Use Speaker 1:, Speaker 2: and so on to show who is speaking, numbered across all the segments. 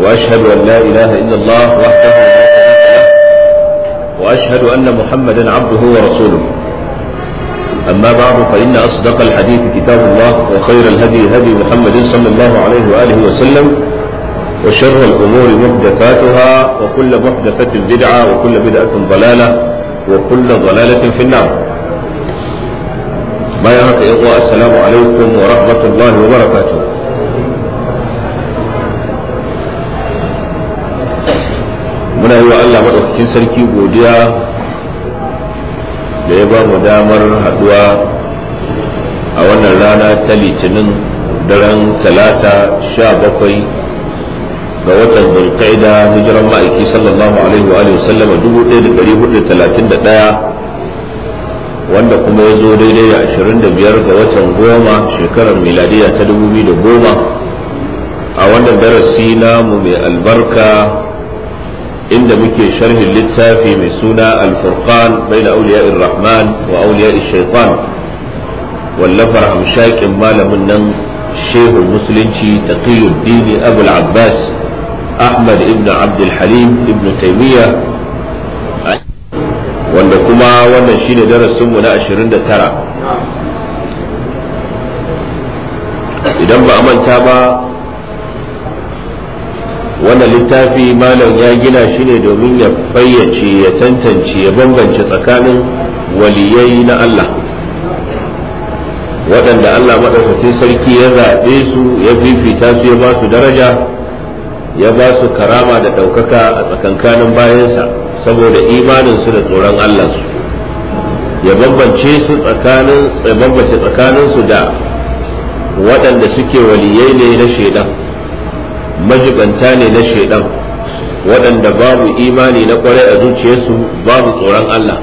Speaker 1: وأشهد أن لا إله إلا الله وحده لا شريك له وأشهد أن محمدا عبده ورسوله أما بعد فإن أصدق الحديث كتاب الله وخير الهدي هدي محمد صلى الله عليه وآله وسلم وشر الأمور محدثاتها وكل محدثة بدعة وكل بدعة ضلالة وكل ضلالة في النار ما يعرف السلام عليكم ورحمة الله وبركاته muna yi wa Allah maɗaukakin sarki godiya da ya ba mu damar haɗuwa a wannan rana ta litinin daren talata sha bakwai ga watan zulkaida hijiran ma'aiki sallallahu alaihi wa alihi sallama dubu ɗaya da ɗari hudu talatin da ɗaya wanda kuma ya zo daidai da ashirin da biyar ga watan goma shekarar miladiya ta dubu biyu da goma a wannan darasi namu mai albarka inda muke sharhin littafi mai suna alfurqan bai da auliyar rahman wa auliyar shaitan wallafar hamshakin malamin nan shehun musulunci dini abul abbas ahmad ibn abdul halim ibn taimiyya wanda kuma wannan shine darasinmu na
Speaker 2: 29 idan ba a manta
Speaker 1: ba wannan littafi malam ya gina shi ne domin ya fayyace ya tantance ya bambance tsakanin waliyai na Allah waɗanda Allah maɗaukacin sarki ya zaɓe su ya fifita su ya ba su daraja ya ba su karama da ɗaukaka a tsakankanin bayansa saboda imaninsu da tsoron Allah su ya bambance su tsakanin su tsakaninsu da waɗanda suke waliyai ne na shaidan majibanta ne na shaidan waɗanda babu imani na kwarai a zuciyarsu babu tsoron Allah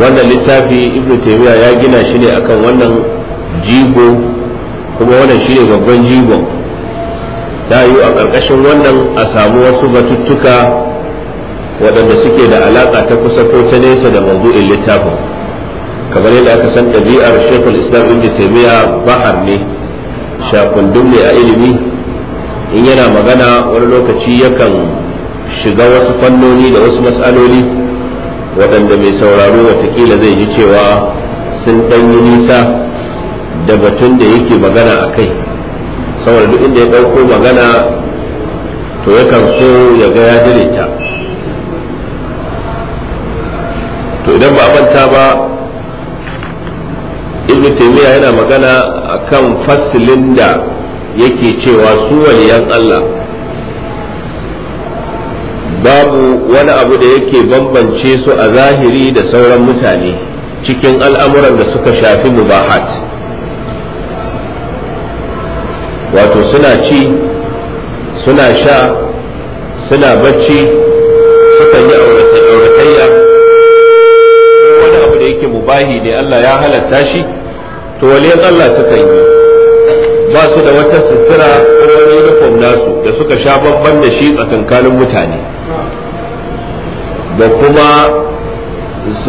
Speaker 1: wannan littafi ibnu taymiya ya gina shi ne akan wannan jigo kuma wannan shi ne babban jigon ta yi a ƙarƙashin wannan a samu wasu batuttuka waɗanda suke da alaƙa ta kusa ko ta nesa da mawdu'in littafin kamar yadda aka san ɗabi'ar shekul islam ibn taymiya bahar ne shakundun ne a ilimi in yana magana wani lokaci yakan shiga wasu fannoni da wasu matsaloli waɗanda mai sauraro watakila zai ji cewa sun ɗanyi nisa da batun da yake magana a kai saboda duk inda ya ɗauko magana to yakan so ya ga ya ta to idan ba manta ba ibn taymiya yana magana akan fasilin da yake cewa su waliyan Allah babu wani abu da yake bambance su a zahiri da sauran mutane cikin al'amuran da suka shafi mubahat wato suna ci suna sha suna bacci suka yi auratayya wani abu da yake mubahi ne Allah ya halatta shi to waliyan Allah suka yi ba su da wata sutura ko wani uniform nasu da suka sha babban da shi tsakankanin mutane da kuma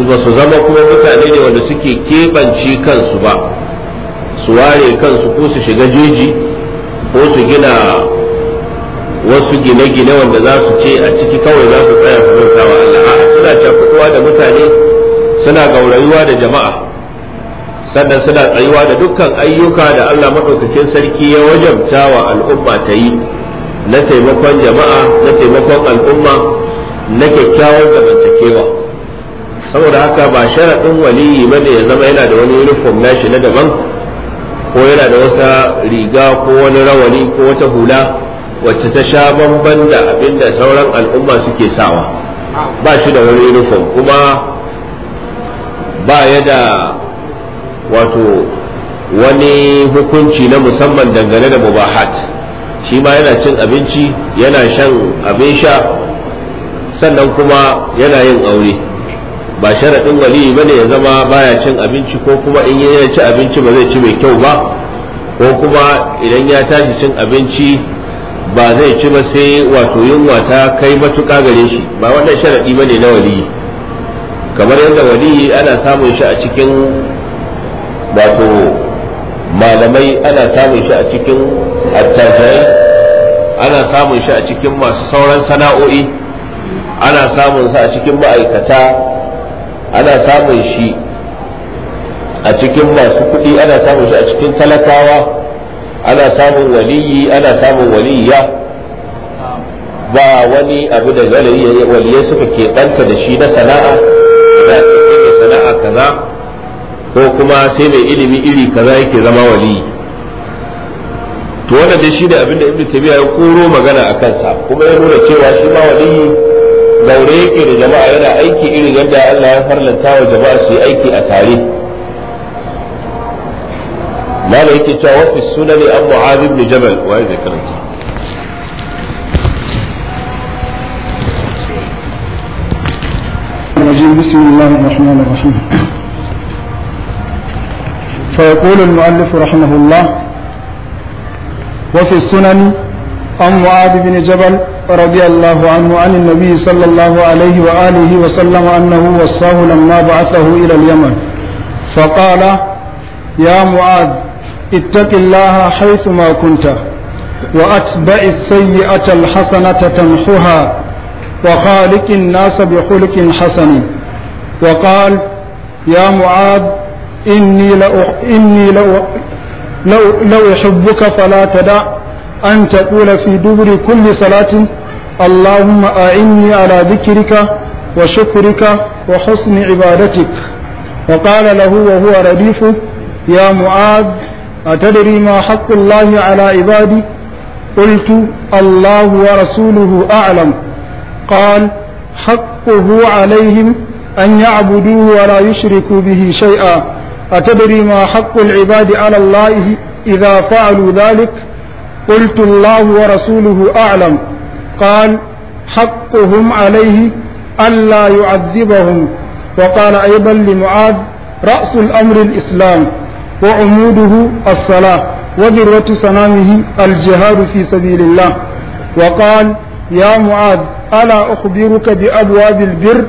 Speaker 1: ba su zama kuma mutane ne wanda suke keɓanci kansu ba su ware kansu ko su shiga jeji ko su gina wasu gine-gine wanda za su ce a ciki kawai za su tsaya su bauta wa Allah a'a suna cakuɗuwa da mutane suna gaurayuwa da jama'a sannan suna tsayuwa da dukkan ayyuka da Allah maɗaukakin sarki ya wajabta wa al'umma ta yi na taimakon jama'a na taimakon al'umma na kyakkyawar zamantakewa saboda haka ba sharaɗin waliyi ba ne ya zama yana da wani uniform nashi na daban ko yana da wata riga ko wani rawani ko wata hula wacce ta sha bamban da abinda sauran al'umma suke sawa ba shi da wani uniform kuma ba ya da wato wani hukunci na musamman dangane da mubahat shi ma yana cin abinci yana shan abin sha sannan kuma yana yin aure ba sharaɗin wali ne ya zama baya cin abinci ko kuma in ya ci abinci ba zai ci mai kyau ba ko kuma idan ya tashi cin abinci ba zai ci ba sai wato yunwa ta kai matuƙa gare shi ba wannan sharaɗi ba ne na wali kamar yadda wali ana samun shi a cikin wato malamai ana samun shi a cikin attajirai ana samun shi a cikin masu sauran sana'o'i ana samun sa a cikin ma'aikata ana samun shi a cikin masu kuɗi ana samun shi a cikin talakawa ana samun waliyi ana samun waliyya ba wani abu da waliyai suka keɓanta da shi na sana'a da sana'a kaza ko kuma sai mai ilimi iri kaza yake zama wali to wannan dai shine abin da ibnu tabiya ya koro magana a kansa kuma ya nuna cewa shi ma wali daure yake da jama'a yana aiki irin yadda Allah ya farlanta wa jama'a su yi aiki a tare mala yake cewa wa fi sunani an mu'adh ibn jabal wa ya karanta
Speaker 3: بسم الله الرحمن الرحيم فيقول المؤلف رحمه الله وفي السنن عن معاذ بن جبل رضي الله عنه عن النبي صلى الله عليه وآله وسلم أنه وصاه لما بعثه إلى اليمن فقال يا معاذ اتق الله حيثما كنت وأتبع السيئة الحسنة تمحها وخالق الناس بخلق حسن وقال يا معاذ إني إني لو لو لو يحبك فلا تدع أن تقول في دبر كل صلاة اللهم أعني على ذكرك وشكرك وحسن عبادتك وقال له وهو رديفه يا معاذ أتدري ما حق الله على عبادي قلت الله ورسوله أعلم قال حقه عليهم أن يعبدوه ولا يشركوا به شيئا أتدري ما حق العباد على الله إذا فعلوا ذلك قلت الله ورسوله أعلم قال حقهم عليه ألا يعذبهم وقال أيضا لمعاذ رأس الأمر الإسلام وعموده الصلاة وذروة سنامه الجهاد في سبيل الله وقال يا معاذ ألا أخبرك بأبواب البر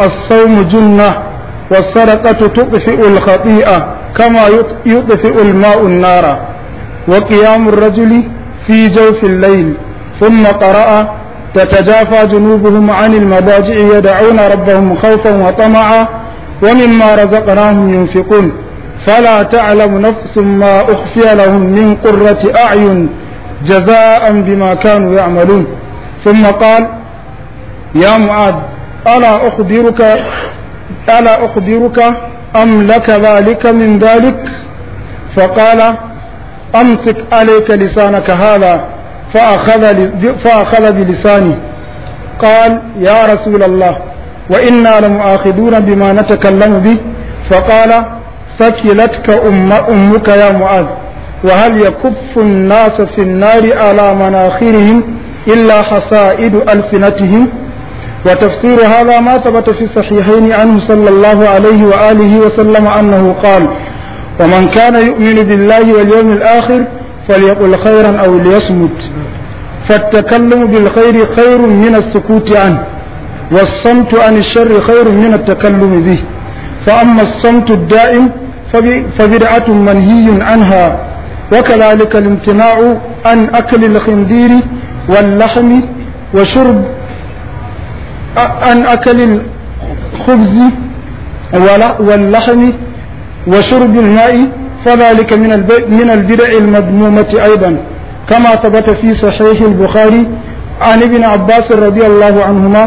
Speaker 3: الصوم جنة والسرقة تطفئ الخطيئة كما يطفئ الماء النار وقيام الرجل في جوف الليل ثم قرأ تتجافى جنوبهم عن المضاجع يدعون ربهم خوفا وطمعا ومما رزقناهم ينفقون فلا تعلم نفس ما أخفي لهم من قرة أعين جزاء بما كانوا يعملون ثم قال يا معاذ ألا أخبرك ألا أخبرك أم لك ذلك من ذلك فقال أمسك عليك لسانك هذا فأخذ, فأخذ بلسانه قال يا رسول الله وإنا لمؤاخذون بما نتكلم به فقال ثكلتك أم أمك يا معاذ وهل يكف الناس في النار على مناخرهم إلا حصائد ألسنتهم وتفسير هذا ما ثبت في الصحيحين عنه صلى الله عليه وآله وسلم أنه قال ومن كان يؤمن بالله واليوم الآخر فليقل خيرا أو ليصمت فالتكلم بالخير خير من السكوت عنه والصمت عن الشر خير من التكلم به فأما الصمت الدائم فبدعة منهي عنها وكذلك الامتناع عن أكل الخنزير واللحم وشرب عن أكل الخبز واللحم وشرب الماء فذلك من من البدع المذمومة أيضا كما ثبت في صحيح البخاري عن ابن عباس رضي الله عنهما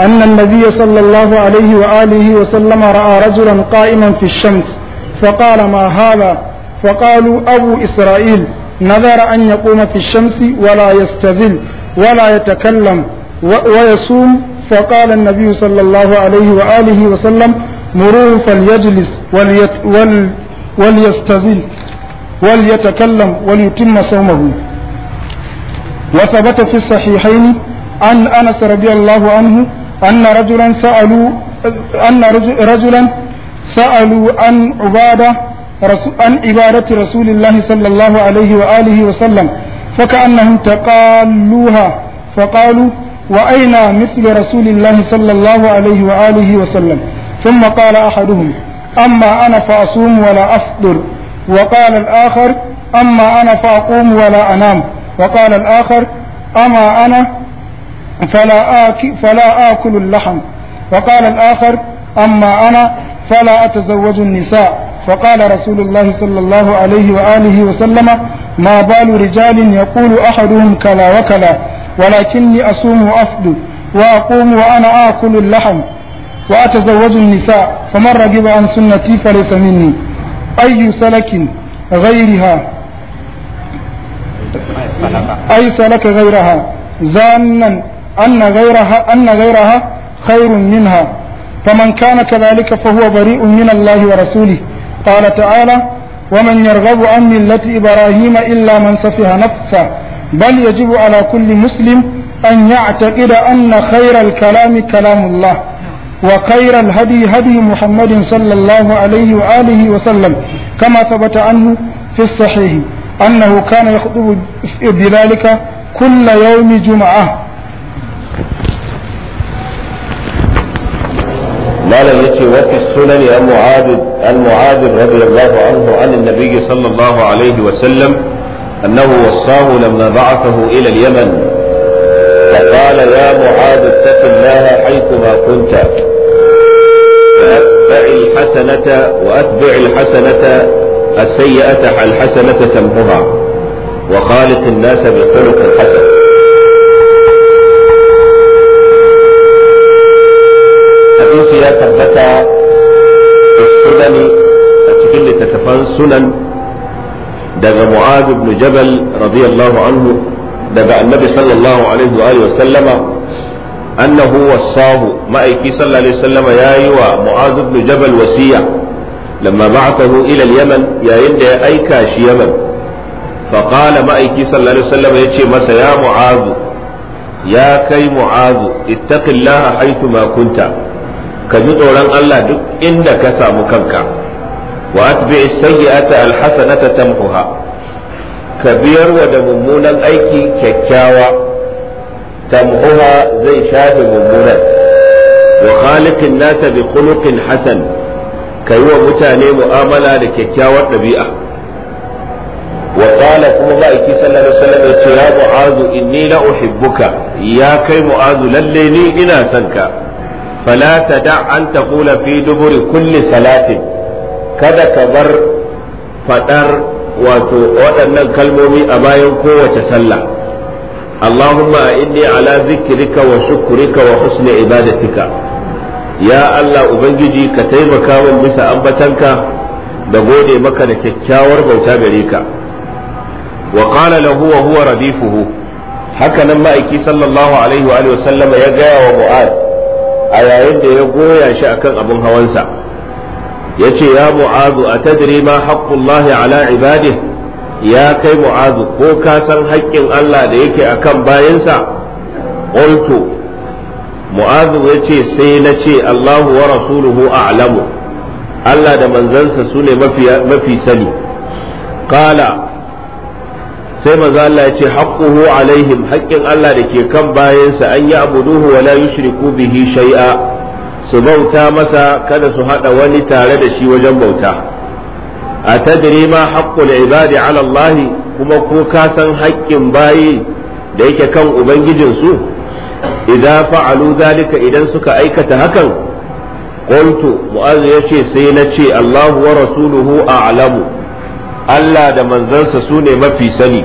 Speaker 3: أن النبي صلى الله عليه وآله وسلم رأى رجلا قائما في الشمس فقال ما هذا فقالوا أبو إسرائيل نذر أن يقوم في الشمس ولا يستذل ولا يتكلم ويصوم فقال النبي صلى الله عليه وآله وسلم مروه فليجلس وليت ول وليستزل وليتكلم وليتم صومه وثبت في الصحيحين عن أنس رضي الله عنه أن رجلا سألوا أن رجلا سألوا عن عبادة عن عبادة رسول الله صلى الله عليه وآله وسلم فكأنهم تقالوها فقالوا وأين مثل رسول الله صلى الله عليه وآله وسلم ثم قال أحدهم أما أنا فأصوم ولا أفطر وقال الآخر أما أنا فأقوم ولا أنام وقال الآخر أما أنا فلا آكل, فلا آكل اللحم وقال الآخر أما أنا فلا أتزوج النساء فقال رسول الله صلى الله عليه وآله وسلم ما بال رجال يقول أحدهم كلا وكلا ولكني أصوم وأفدو وأقوم وأنا آكل اللحم وأتزوج النساء فمن رغب عن سنتي فليس مني أي سلك غيرها أي سلك غيرها زانا أن غيرها أن غيرها خير منها فمن كان كذلك فهو بريء من الله ورسوله قال تعالى ومن يرغب عن ملة إبراهيم إلا من سفه نفسه بل يجب على كل مسلم أن يعتقد أن خير الكلام كلام الله وخير الهدي هدي محمد صلى الله عليه وآله وسلم كما ثبت عنه في الصحيح أنه كان يخطب بذلك كل يوم جمعة
Speaker 1: ما لم يأتي fi السنن المعاذ mu'adh al-mu'adh radiyallahu anhu an an-nabiy sallallahu alaihi أنه وصاه لما بعثه إلى اليمن فقال يا معاذ اتق الله حيثما كنت فأتبع الحسنة وأتبع الحسنة السيئة الحسنة تمحها وخالق الناس بخلق حسن حديث يا tabbata السنن sunani a daga mu'ad ibn jabal radiyallahu anhu daga annabi sallallahu alaihi wa alihi wasallama annahu wasahu ma'aiki sallallahu alaihi wasallama yayi wa mu'ad ibn jabal wasiya lamma ba'athahu ila al-yaman yayin da ya aika shi yaman fa qala ma'aiki sallallahu alaihi wasallama yace masa ya mu'ad ya kai mu'ad ittaqillaha haythu ma kunta ka ji tsoron Allah duk inda ka samu kanka وأتبع السيئة الحسنة تمحها كبير ودممونا أيكي ككاوى تمحها زي شاف ممونا وخالق الناس بخلق حسن كيوى متاني مؤاملة لككاوى النبيئة وقال كما الله صلى الله عليه وسلم يا معاذ إني لأحبك يا كي معاذ لليني إنا سنك فلا تدع أن تقول في دبر كل صلاة kada ka bar faɗar wato waɗannan kalmomi a bayan kowace sallah a inni ala zikrika wa shukrika wa husni ibadatika ya Allah ubangiji ka taimaka min bisa ambatanka da gode maka da kyakkyawar bauta gare ka wa qala wa huwa radifuhu haka nan ma'aiki sallallahu alaihi wa sallama ya gaya wa mu'ad a yayin da ya goya shi akan abin hawansa yace ya mu'azu tadri ma haqqullahi ala ibadihi ya kai mu'azu ko ka san haƙƙin Allah da yake akan bayansa qultu mu'azu yace sai na ce Allahu wa rasuluhu a'lamu Allah da manzansa sune ne mafi sani qala sai maza Allah ya ce haqquhu alaihim haƙƙin Allah da ke kan bayansa an a abuduhu wa la yushriku bihi shay'a su bauta masa kada su haɗa wani tare da shi wajen bauta a tadri ma haqqul ibadi ala Allah kuma ko ka san haƙƙin bayi da yake kan ubangijin su idan fa'alu zalika idan suka aikata hakan qultu mu'az yace sai na ce Allah wa rasuluhu a'lamu Allah da manzansa su ne mafi sani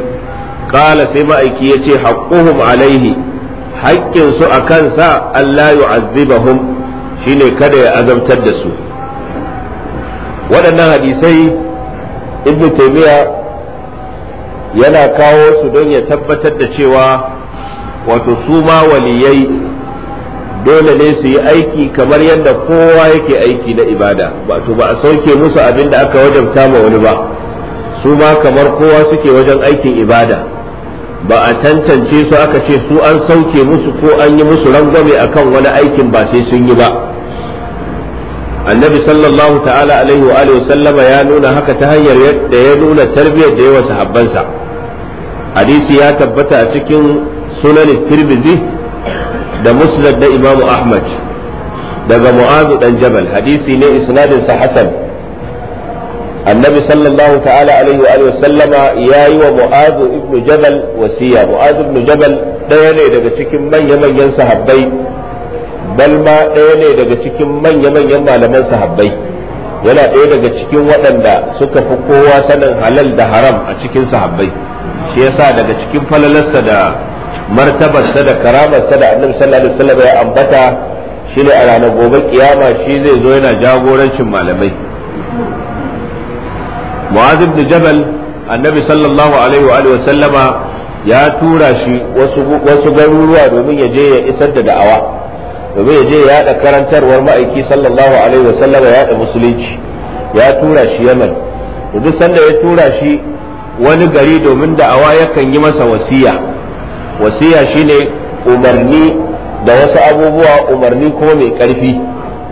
Speaker 1: qala sai ma'aiki yace haqquhum alaihi haƙƙin su akan sa Allah yu'azzibahum shine kada ya azabtar da su waɗannan hadisai ibnu taymiya yana kawo su don ya tabbatar da cewa wato su ma waliyai dole ne su yi aiki kamar yadda kowa yake aiki na ibada wato ba a sauke musu abin da aka wajabta ma wani ba su ma kamar kowa suke wajen aikin ibada ba a tantance su aka ce su an sauke musu ko an yi musu rangwame akan wani aikin ba sai sun yi ba annabi sallallahu ta'ala alaihi wa sallama ya nuna haka ta hanyar yadda ya nuna tarbiyyar da yawa sahabbansa hadisi ya tabbata a cikin sunan tirmidhi da musnad da imamu ahmad daga mu'azu dan jabal hadisi ne isnadin sa hasan annabi sallallahu ta'ala alaihi wa alihi sallama yayi wa mu'az ibnu jabal wasiya mu'azu ibnu jabal daya ne daga cikin manya manyan sahabbai bal ma ɗaya ne daga cikin manya-manyan malaman sahabbai yana ɗaya daga cikin waɗanda suka fi kowa sanin halal da haram a cikin sahabbai shi yasa daga cikin falalarsa da martabarsa da karamarsa da annabi sallallahu alaihi wasallam ya ambata shi ne a ranar gobe kiyama shi zai zo yana jagorancin malamai mu'az ibn jabal annabi sallallahu alaihi wa sallama ya tura shi wasu garuruwa domin ya je ya isar da da'awa domin ya je ya da karantarwar ma'aiki sallallahu alaihi wasallam ya yada musulunci ya tura shi yaman to duk sanda ya tura shi wani gari domin da'awa yakan yi masa wasiya wasiya shine umarni da wasu abubuwa umarni kuma mai karfi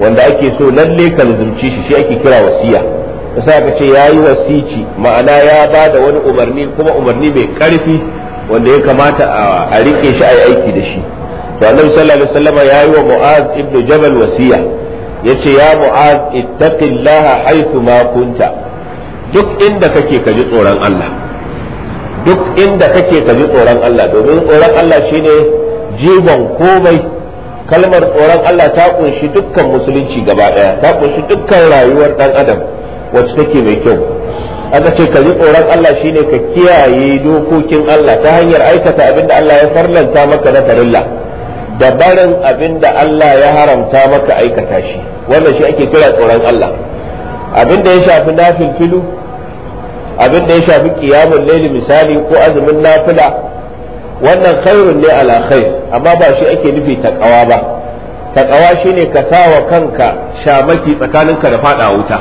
Speaker 1: wanda ake so lalle ka zumci shi shi ake kira wasiya kasa ka ce ya yi wasici ma'ana ya ba da wani umarni kuma umarni mai karfi wanda ya kamata a rike shi a yi aiki da shi to annabi sallallahu alaihi wasallam yayi wa mu'az ibnu jabal wasiya yace ya mu'az ittaqillaha haythu ma kunta duk inda kake ka ji tsoron Allah duk inda kake ka ji tsoron Allah domin tsoron Allah shine jibon komai kalmar tsoron Allah ta kunshi dukkan musulunci gaba daya ta kunshi dukkan rayuwar dan adam wacce take mai kyau aka ce ka ji tsoron Allah shine ka kiyaye dokokin Allah ta hanyar aikata abin da Allah ya farlanta maka na farilla da barin abin da Allah ya haramta maka aikata shi wannan shi ake kira tsoron Allah abin da ya shafi nafil filu abin da ya shafi kiyamun laili misali ko azumin nafila wannan khairun ne ala khair amma ba shi ake nufi takawa ba takawa shine ka sawa kanka shamaki tsakaninka da fada wuta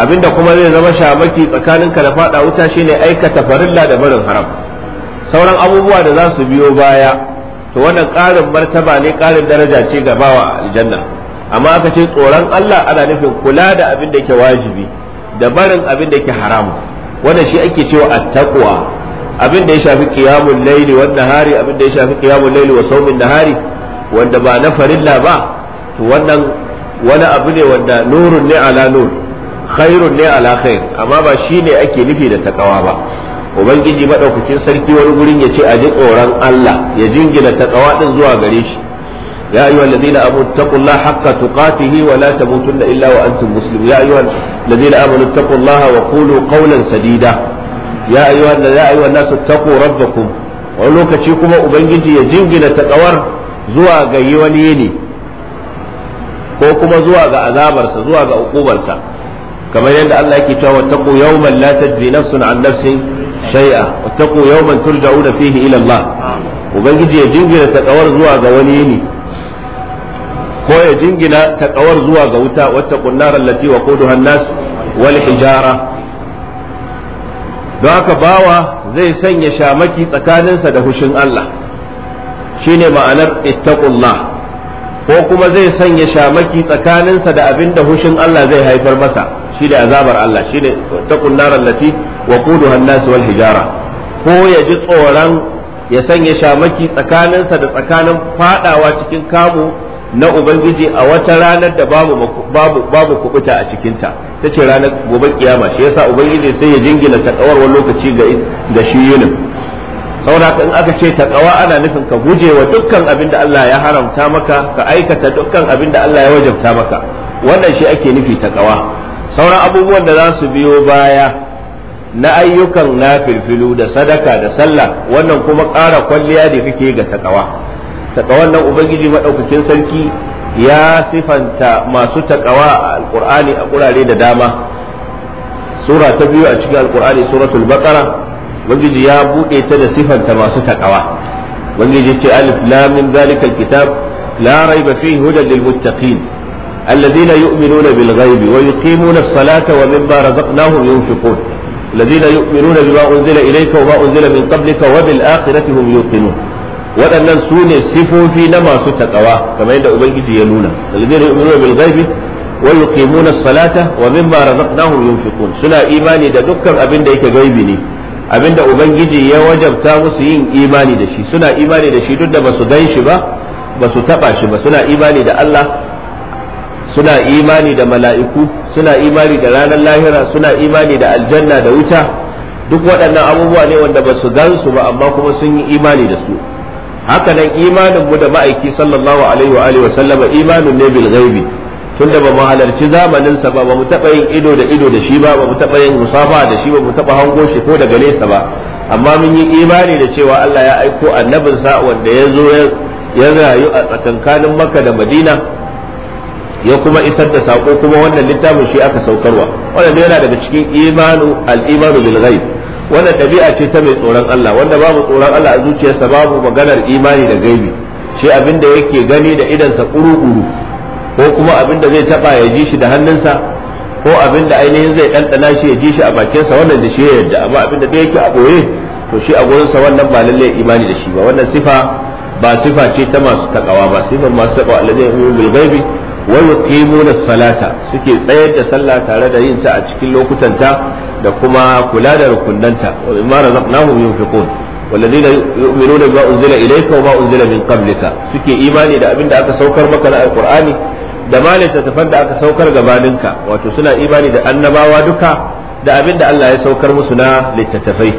Speaker 1: abinda kuma zai zama shamaki tsakaninka da fada wuta shine aikata farilla da barin haram sauran abubuwa da za su biyo baya to wannan ƙarin martaba ne ƙarin daraja ce ga bawa aljanna amma aka ce tsoron Allah ana nufin kula da abin da ke wajibi da barin abin da ke haramu wannan shi ake cewa attaqwa abin da ya shafi qiyamul layli wa nahari abin da ya shafi qiyamul layli wa sawmin nahari wanda ba na farilla ba to wannan wani abu ne wanda nurun ne ala nur khairun ne ala khair amma ba shine ake nufi da takawa ba ubangiji madaukakin sarki wani gurin ya ce a ji tsoron Allah ya jingina taqwa din zuwa gare shi ya ayyuhal ladina amanu taqullaha haqqa tuqatihi wa la tamutunna illa wa antum muslimun ya ayyuhal ladina amanu taqullaha wa qulu qawlan sadida ya ayyuhal ya ayyuhan nasu taqu rabbakum wani lokaci kuma ubangiji ya jingina ta taqwar zuwa ga wani yini ko kuma zuwa ga azabarsa zuwa ga ukubarsa kamar yadda Allah yake cewa taqu yawman la tajzi nafsun an nafsin shay'a wattaqu yawman turja'una fihi ila Allah ubangiji ya jingina takawar zuwa ga wani ne ko ya jingina takawar zuwa ga wuta wattaqun nar allati waquduha wal hijara don haka bawa zai sanya shamaki tsakaninsa da hushin Allah ne ma'anar ittaqullah ko kuma zai sanya shamaki tsakaninsa da abin da hushin Allah zai haifar masa shi da azabar Allah shi ne taqun nar wa quduha an wal hijara ko ya ji tsoron ya sanya shamaki tsakaninsa da tsakanin fadawa cikin kamu na ubangiji a wata ranar da babu babu babu kubuta a cikin ta tace ranar gobe kiyama shi yasa ubangiji sai ya jingina wani lokaci ga ga shi yunin saboda aka ce ta kawa ana nufin ka guje wa dukkan abin da Allah ya haramta maka ka aikata dukkan abin da Allah ya wajabta maka wannan shi ake nufi ta kawa sauran abubuwan da za su biyo baya na ayyukan nafilfilu da sadaka da sallah wannan kuma ƙara kwalliya da kake ga takawa takawan nan ubangiji maɗaukakin sarki ya sifanta masu takawa a alƙur'ani a ƙurare da dama sura ta biyu a cikin alƙur'ani suratul baqara ubangiji ya buɗe ta da sifanta masu takawa ubangiji ce alif lam min zalikal kitab la raiba fihi hudan lil muttaqin alladhina yu'minuna bil ghaibi wa yuqimuna as-salata wa mimma razaqnahum yunfiqun الذين يؤمنون بما أنزل إليك وما أنزل من قبلك وبالآخرة هم يوقنون waɗannan su sifofi na masu takawa kamar da ubangiji ya nuna alladhina yu'minuna bil ghaibi wa suna imani da dukkan abin da yake gaibi ne abin da ubangiji ya wajabta musu yin imani da shi suna imani da shi duk da basu gan shi ba shi ba suna imani da Allah suna imani da mala'iku suna imani da ranar lahira suna imani da aljanna da wuta duk waɗannan abubuwa ne wanda ba su gansu ba amma kuma sun yi imani da su hakanan imanin mu da ma'aiki sallallahu alaihi wa sallama imanin ne bil ghaibi tunda ba mu halarci zamanin sa ba ba mu taba yin ido da ido da shi ba ba mu taba yin musafa da shi ba mu taba hango shi ko daga nesa ba amma mun yi imani da cewa Allah ya aiko annabinsa wanda ya zo ya rayu a tsakankanin Makka da Madina ya kuma isar da sako kuma wannan littafin shi aka saukarwa wannan yana daga cikin imanu al-imanu bil ghaib wannan dabi'a ce ta mai tsoron Allah wanda babu tsoron Allah a zuciyarsa babu maganar imani da gaibi shi abin da yake gani da idansa kuru-kuru ko kuma abin da zai taba ya ji shi da hannunsa ko abin da ainihin zai ɗanɗana shi ya ji shi a bakinsa wannan da shi ya yarda amma abin da yake a ɓoye to shi a gurinsa wannan ba lallai imani da shi ba wannan sifa ba sifa ce ta masu takawa ba sifan masu takawa alladhi yu'minu bil ghaibi wa yuqimuna salata suke tsayar da sallah tare da yin ta a cikin lokutan ta da kuma kula da rukunnanta wa mimma razaqnahum yunfiqun والذين يؤمنون بما أنزل إليك وما أنزل من قبلك سكي إيماني دا أبين دا أكا سوكر مكان القرآن da ma littattafan da aka saukar gabaninka wato suna imani da annabawa duka da abin da Allah ya saukar musu na littattafai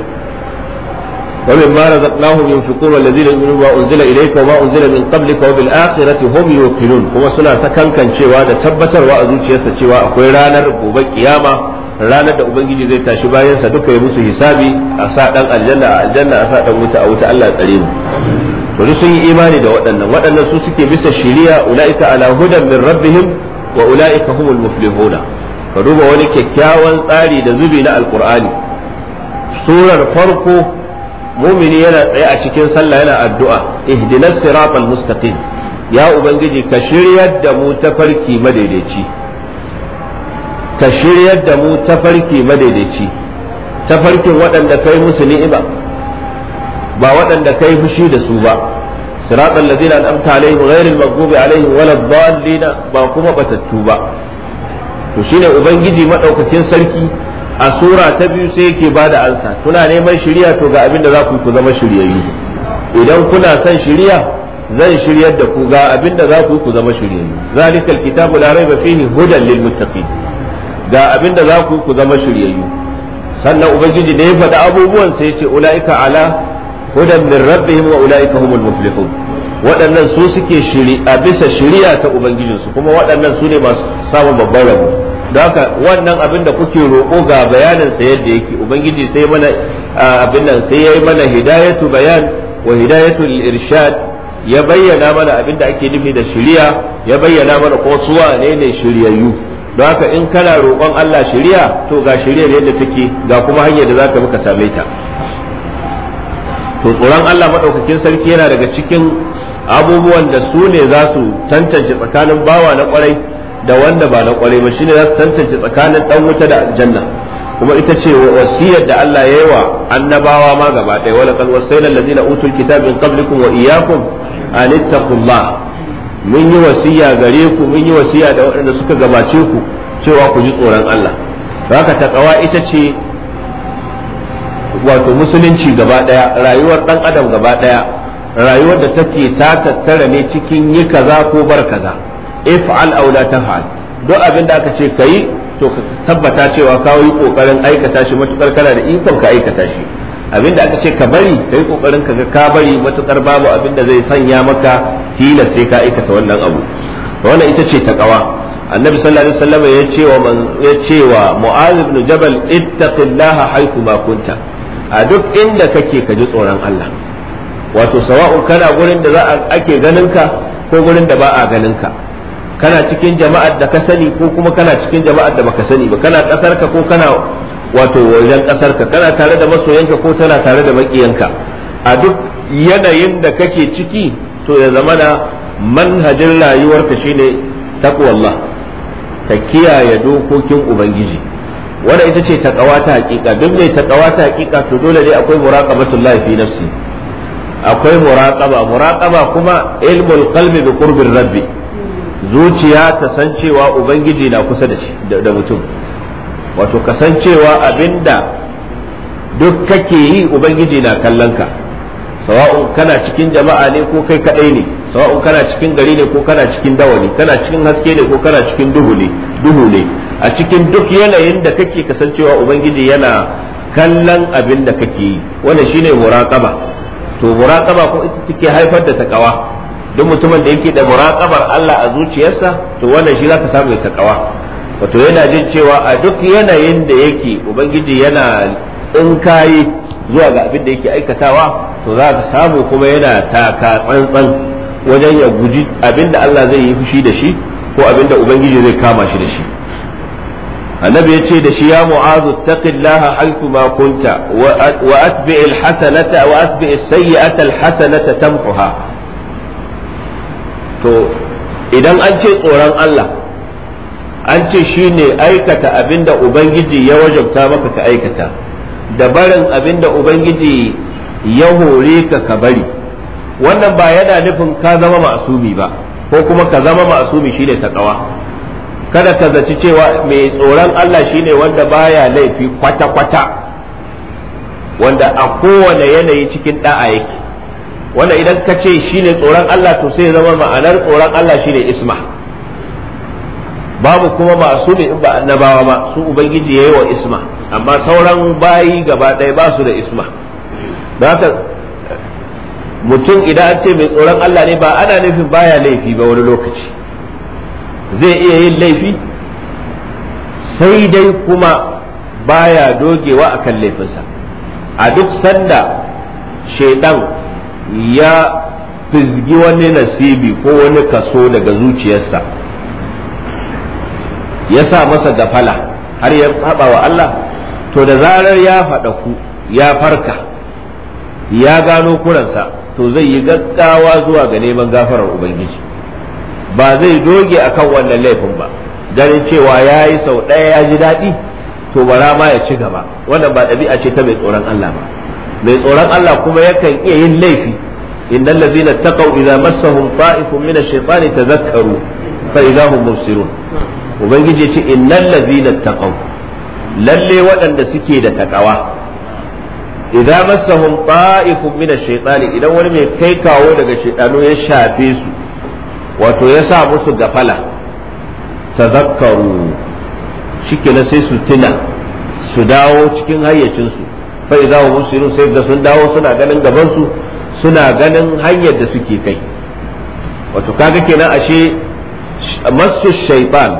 Speaker 1: ومما رزقناهم ينفقون الذين يؤمنون ما أنزل إليك وما أنزل من قبلك وبالآخرة هم يوقنون كما سنة سكن كان شيوا دا تبتر وأزوج يسا شيوا أخوي رانا ربوبا قيامة ranar da ubangiji zai tashi bayan sa duka ya musu hisabi a sa dan aljanna a aljanna a sa dan wuta a wuta Allah tsare mu to sun yi imani da waɗannan waɗannan su suke bisa shiriya ulaika ala hudan min rabbihim wa ulaika humul muflihuna ka duba wani kyakkyawan tsari da zubi na alqur'ani surar farko mumini yana tsaye a cikin sallah yana addu'a ihdinas siratal mustaqim ya ubangiji ka shiryar da mu tafarki madaidaici ka shiryar da mu farki madaidaici tafarkin waɗanda kai musu ni'ima ba waɗanda kai fushi da su ba siratal ladina an'amta alaihim ghairil maghdubi alaihim waladdallin ba kuma batattu ba to shine ubangiji madaukakin sarki a sura ta biyu sai yake ba da ansa kuna neman shirya to ga abin da za ku ku zama shiryayyu idan kuna son shirya zan shiryar da ku ga abin da za ku ku zama shiryayyu zalikal kitabu la raiba fihi hudan lil muttaqin ga abin da za ku ku zama shiryayyu sannan ubangiji ne ya faɗi abubuwan sai ya ce ulaika ala hudan min rabbihim wa ulaika humul muflihun waɗannan su suke shiri a bisa shiriya ta ubangijinsu kuma waɗannan su ne masu samun babbar rabo da haka wannan abin da kuke roƙo ga bayanin sa yadda yake ubangiji sai mana abin nan sai yayi mana hidayatu bayan wa hidayatu irshad ya bayyana mana abin da ake nufi da shiriya ya bayyana mana ko suwa ne ne shiryayyu don haka in kana roƙon Allah shiriya to ga shiriyar yadda take ga kuma hanyar da zaka bi ka same ta to tsoron Allah madaukakin sarki yana daga cikin abubuwan da su ne za su tantance tsakanin bawa na kwarai da wanda ba na kwarai ba shine zasu su tantance tsakanin dan wuta da janna. kuma ita ce wasiyar da Allah ya yi wa annabawa ma gaba ɗaya wala kal wasailal ladina utul kitab min qablikum wa iyyakum an ittaqullah mun yi wasiya gare ku mun yi wasiya da waɗanda suka gabace ku cewa ku ji tsoron Allah haka taqwa ita ce wato musulunci gaba ɗaya rayuwar dan adam gaba ɗaya rayuwar da take ta tattara ne cikin yi kaza ko bar kaza if'al aw la taf'al duk abin da aka ce kai to ka tabbata cewa ka yi kokarin aikata shi matukar kana da ikon ka aikata shi abin da aka ce ka bari kai kokarin ka ga ka bari matukar babu abin da zai sanya maka tila sai ka aikata wannan abu wannan ita ce taqwa annabi sallallahu alaihi wasallam ya ce wa man ya ce wa mu'az ibn jabal ittaqillaha haythu ma kunta a duk inda kake ka ji tsoron Allah wato sawa'u kana gurin da za a ake ganin ka ko gurin da ba a ganin ka kana cikin jama'ar da ka sani ko kuma kana cikin jama'ar da baka sani ba kana kasar ka ko kana wato wajen kasar ka kana tare da masoyanka ko tana tare da makiyanka a duk yanayin da kake ciki to ya zama da manhajin rayuwarka shine taqwallah ta kiyaye dokokin ubangiji wanda ita ce taqwa ta hakika duk mai taqwa ta hakika to dole ne akwai muraqabatullahi fi nafsi akwai muraqaba muraqaba kuma ilmul qalbi bi qurbir rabbi zuciya ta san cewa ubangiji na kusa da shi da mutum wato kasancewa abinda duk kake yi ubangiji na kallon ka sawa'un kana cikin jama'a ne ko kai kadai ne sawa'un kana cikin gari ne ko kana cikin dawani kana cikin haske ne ko kana cikin duhu ne duhu ne a cikin duk yanayin da kake kasancewa ubangiji yana kallon abin da kake yi wanda shine muraqaba to muraqaba ko ita take haifar da takawa duk mutumin da yake da muraqabar Allah a zuciyarsa to wannan shi zaka samu ya takawa wato yana jin cewa a duk yanayin da yake ubangiji yana tsinkaye zuwa ga abin da yake aikatawa to za ka samu kuma yana taka tsantsan wajen ya guji abin da Allah zai yi fushi da shi ko abin da ubangiji zai kama shi da shi annabi ya ce da shi ya mu'azu taqillaha haythu ma kunta wa atbi'il hasanata wa asbi'is sayyi'ata al to idan an ce tsoron Allah an ce shi ne aikata abinda ubangiji ya wajabta maka ka aikata da barin abinda ubangiji ya hore ka ka bari wannan ba yana nufin ka zama ma'asumi ba ko kuma ka zama ma'asumi shine taqwa kada ka zaci cewa mai tsoron Allah shi ne wanda baya laifi kwata-kwata wanda a kowane yanayi cikin ɗa'a yake wanda idan ka ce shi ne tsoron Allah to sai zama ma'anar tsoron Allah shi ne isma babu kuma masu ne in ba annabawa ba su ubangiji yayi wa isma amma sauran bayi gaba ɗaya ba su da isma don haka mutum idan an ce mai tsoron Allah ne ba ana nufin baya laifi ba wani lokaci zai iya yin laifi sai dai kuma baya dogewa akan laifinsa a duk sanda shaidan ya fizgi wani nasibi ko wani kaso daga zuciyarsa ya sa masa gafala har ya haɓa wa Allah to da zarar ya faɗa ku ya farka ya gano kuransa to zai yi gaggawa zuwa ga neman gafarar ubangiji ba zai doge a kan wannan laifin ba ganin cewa ya yi sau ɗaya ya ji daɗi to bara ma ya ci gaba wannan ba ɗabi'a ce ta mai tsoron Allah ba mai tsoron Allah kuma yakan iya yin laifi innal ladzina taqaw idza massahum fa'ifun min ash-shaytani tadhakkaru fa idza hum mubsirun ubangiji ce innal ladzina taqaw lalle waɗanda suke da takawa idza massahum fa'ifun min ash-shaytani idan wani mai kai kawo daga shaytanu ya shafe su wato ya sa musu gafala tadhakkaru na sai su tuna su dawo cikin hayyacinsu fa idza hum musirun sai da sun dawo suna ganin gaban su suna ganin hanyar da suke kai wato kaga kenan ashe masu shaytan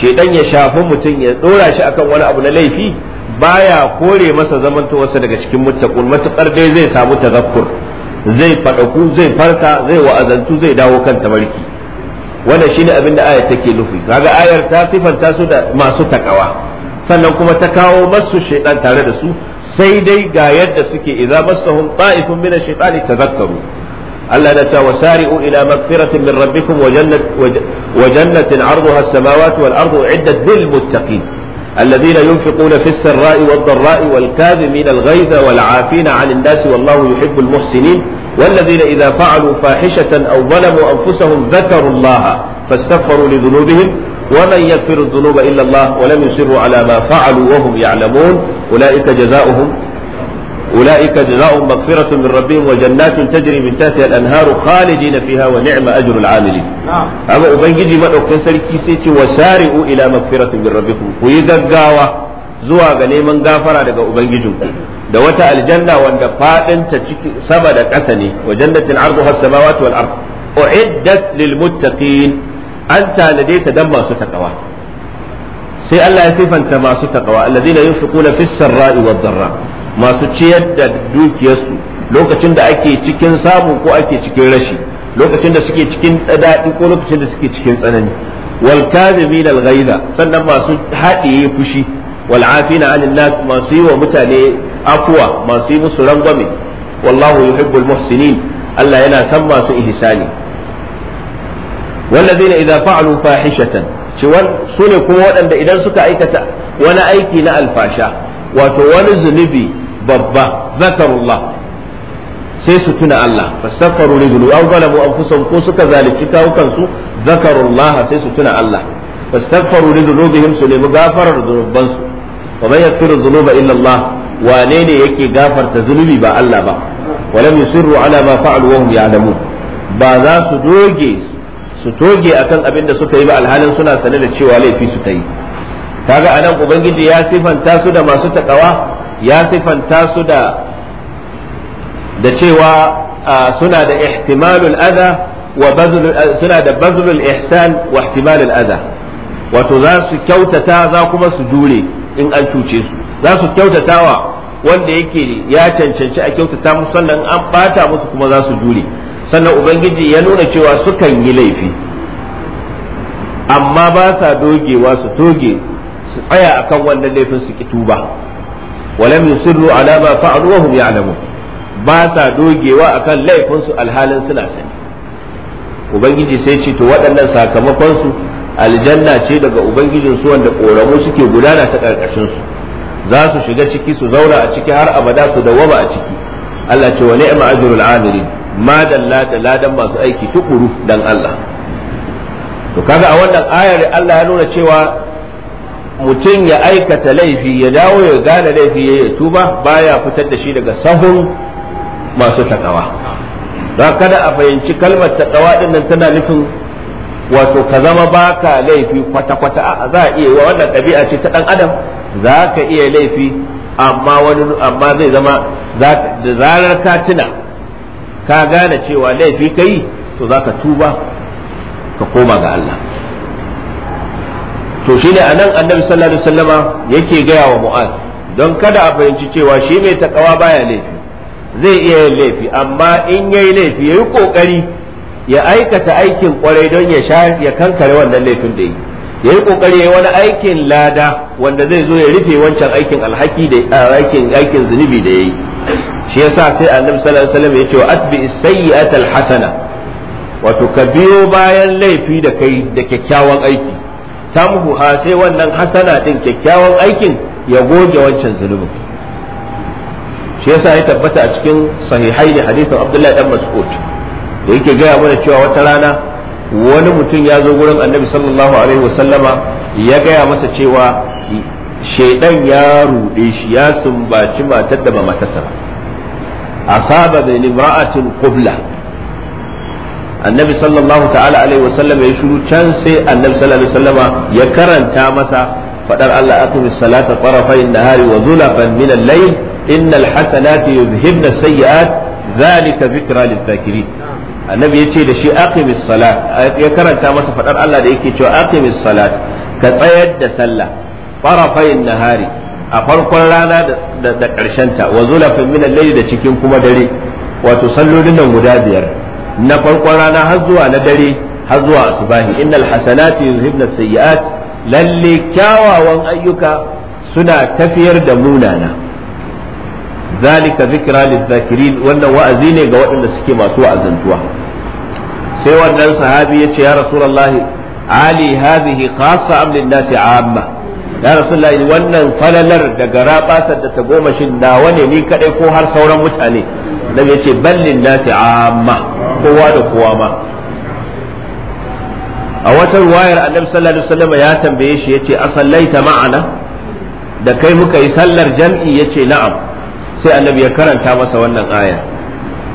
Speaker 1: shedan ya shafi mutum ya dora shi akan wani abu na laifi baya kore masa zamanto wasu daga cikin muttaqul matukar dai zai samu tazakkur zai fadaku zai farka zai wa'azantu zai dawo kan tabarki wannan shine abin da ayar take nufi kaga ayar ta sifanta su da masu takawa sannan kuma ta kawo masu shaitan tare da su sai dai ga yadda suke idza massahum ta'ifun min ash-shaytani tadhakkaru Allah da ta wasari'u ila magfiratin min rabbikum wa jannatin 'arduha as-samawati wal ardu u'iddat lil muttaqin الذين ينفقون في السراء والضراء والكاذبين الغيظ والعافين عن الناس والله يحب المحسنين والذين إذا فعلوا فاحشة أو ظلموا أنفسهم ذكروا الله فاستغفروا لذنوبهم ومن يغفر الذنوب إلا الله ولم يصروا على ما فعلوا وهم يعلمون أولئك جزاؤهم أولئك جزاؤهم مغفرة من ربهم وجنات تجري من تحتها الأنهار خالدين فيها ونعم أجر العاملين أما أبنجي من أكسر كيسيتي وسارئوا إلى مغفرة من ربكم ويغاوا zuwa ga neman gafara daga ubangijinku da wata aljanna wanda fadinta ciki sama da ƙasa ne wa jannatin arduha samawati wal ard uiddat lil muttaqin an talade ta dan masu takawa sai Allah ya sifanta masu takawa alladheena yunfiquna fis sarra'i wad dharra masu ciyar da dukiyarsu lokacin da ake cikin samu ko ake cikin rashi lokacin da suke cikin daɗi ko lokacin da suke cikin tsanani wal kadhimin al ghaiza sannan masu haɗiye fushi wal afina 'anil nas masu yi wa mutane afuwa masu yi musu rangwame wallahu yuhibbul muhsinin Allah yana san masu ihsani wallazina idza fa'alu fahishatan ci su ne kuma waɗanda idan suka aikata wani aiki na alfasha wato wani zunubi babba zakarullah sai su tuna Allah fastaghfiru li dhunubi aw zalamu anfusahum ko suka zalunci kawukan su zakarullah sai su tuna Allah fastaghfiru li dhunubihim su nemi gafarar zunuban su wa man yaghfiru dhunuba wane ne yake gafarta zunubi ba Allah ba walam yusirru ala ma fa'alu wa ba za su doge su toge akan abin da suka yi ba alhalin suna sane da cewa laifi ta yi kaga anan ubangiji ya sifanta su da masu takawa ya sifanta su da da cewa suna da ihtimalul adha wa suna da bazlul ihsan wa ihtimalul adha wato za su kyautata za kuma su dure in an cuce su za su kyautatawa wanda yake ya cancanci a kyautata musu sannan an bata musu kuma za su dure. sannan ubangiji ya nuna cewa sukan yi laifi amma ba sa dogewa su toge su tsaya akan wannan laifin su ki tuba walam yusirru ala ma fa'alu wa hum ya'lamu ba sa dogewa akan laifin su alhalin suna sani ubangiji sai ce to waɗannan sakamakon su aljanna ce daga ubangijin su wanda koramu suke gudana ta karkashin su za su shiga ciki su zauna a ciki har abada su dawwama a ciki Allah ce wa ni'ma ajrul amilin Madalla da ladan masu aiki tukuru dan Allah to kaga a wannan ayar Allah ya nuna cewa mutum ya aikata laifi ya dawo ya gane laifi ya yi tuba baya fitar da shi daga sahun masu takawa don kada a fahimci kalmar takawa din nan tana nufin wato ka zama baka laifi kwata-kwata a za a iya wa wannan ɗabi'a ce ta ɗan adam za ka iya laifi amma wani amma zai zama da zarar ka tuna ka gane cewa laifi ka yi to za ka tuba ka koma ga Allah to shine anan annabi sallallahu alaihi wasallama yake gaya wa mu'az don kada a fahimci cewa shi mai takawa baya laifi zai iya yin laifi amma in yayi laifi yayi kokari ya aikata aikin kwarai don ya sha ya kankare wannan laifin da yi yayi kokari yayi wani aikin lada wanda zai zo ya rufe wancan aikin alhaki da aikin aikin zunubi da yayi shi yasa sai annabi sallallahu alaihi wasallam yace wa atbi sayyi'ata alhasana wato ka biyo bayan laifi da kai da kyakkyawan aiki tamhu ha sai wannan hasana din kyakkyawan aikin ya goge wancan zulubin shi yasa ya tabbata a cikin sahihai da hadisin abdullahi dan mas'ud da yake gaya mana cewa wata rana wani mutum ya zo gurin annabi sallallahu alaihi wasallama ya gaya masa cewa shaidan ya ruɗe shi ya sumbaci matar da ba matasa ba asaba bi limra'atin qubla annabi sallallahu ta'ala alaihi wasallam ya shiru can sai annabi sallallahu alaihi wasallama ya karanta masa fadar Allah aqimi salata tarafayn nahari wa zulafan min al-layl innal hasanati yuzhibna as dhalika dhikra lil-dhakirin annabi yace da shi aqimis salat ya karanta masa fadar Allah da yake cewa aqimis salat ka tsayar da sallah tarafayin nahari a farkon rana da ƙarshenta wa zulafin min al da cikin kuma dare wato sallolin nan guda biyar na farkon rana har zuwa na dare har zuwa asubahi innal hasanati yuzhibna sayyi'at lalle kyawawan ayyuka suna tafiyar da munana zalika zikra lizakirin wannan wa'azi ne ga waɗanda suke masu wa'azantuwa sai wannan sahabi ya ce ya rasulullahi ali hadhihi khassa am lin-nasi amma ya rasulullahi wannan falalar da garabasar da ta shi nawa ne ni kadai ko har sauran mutane nabi yace ballin nasi amma kowa da kowa ma a wata ruwayar annabi sallallahu alaihi wasallam ya tambaye shi yace asallaita ma'ana da kai muka yi sallar jam'i yace na'am sai annabi ya karanta masa wannan aya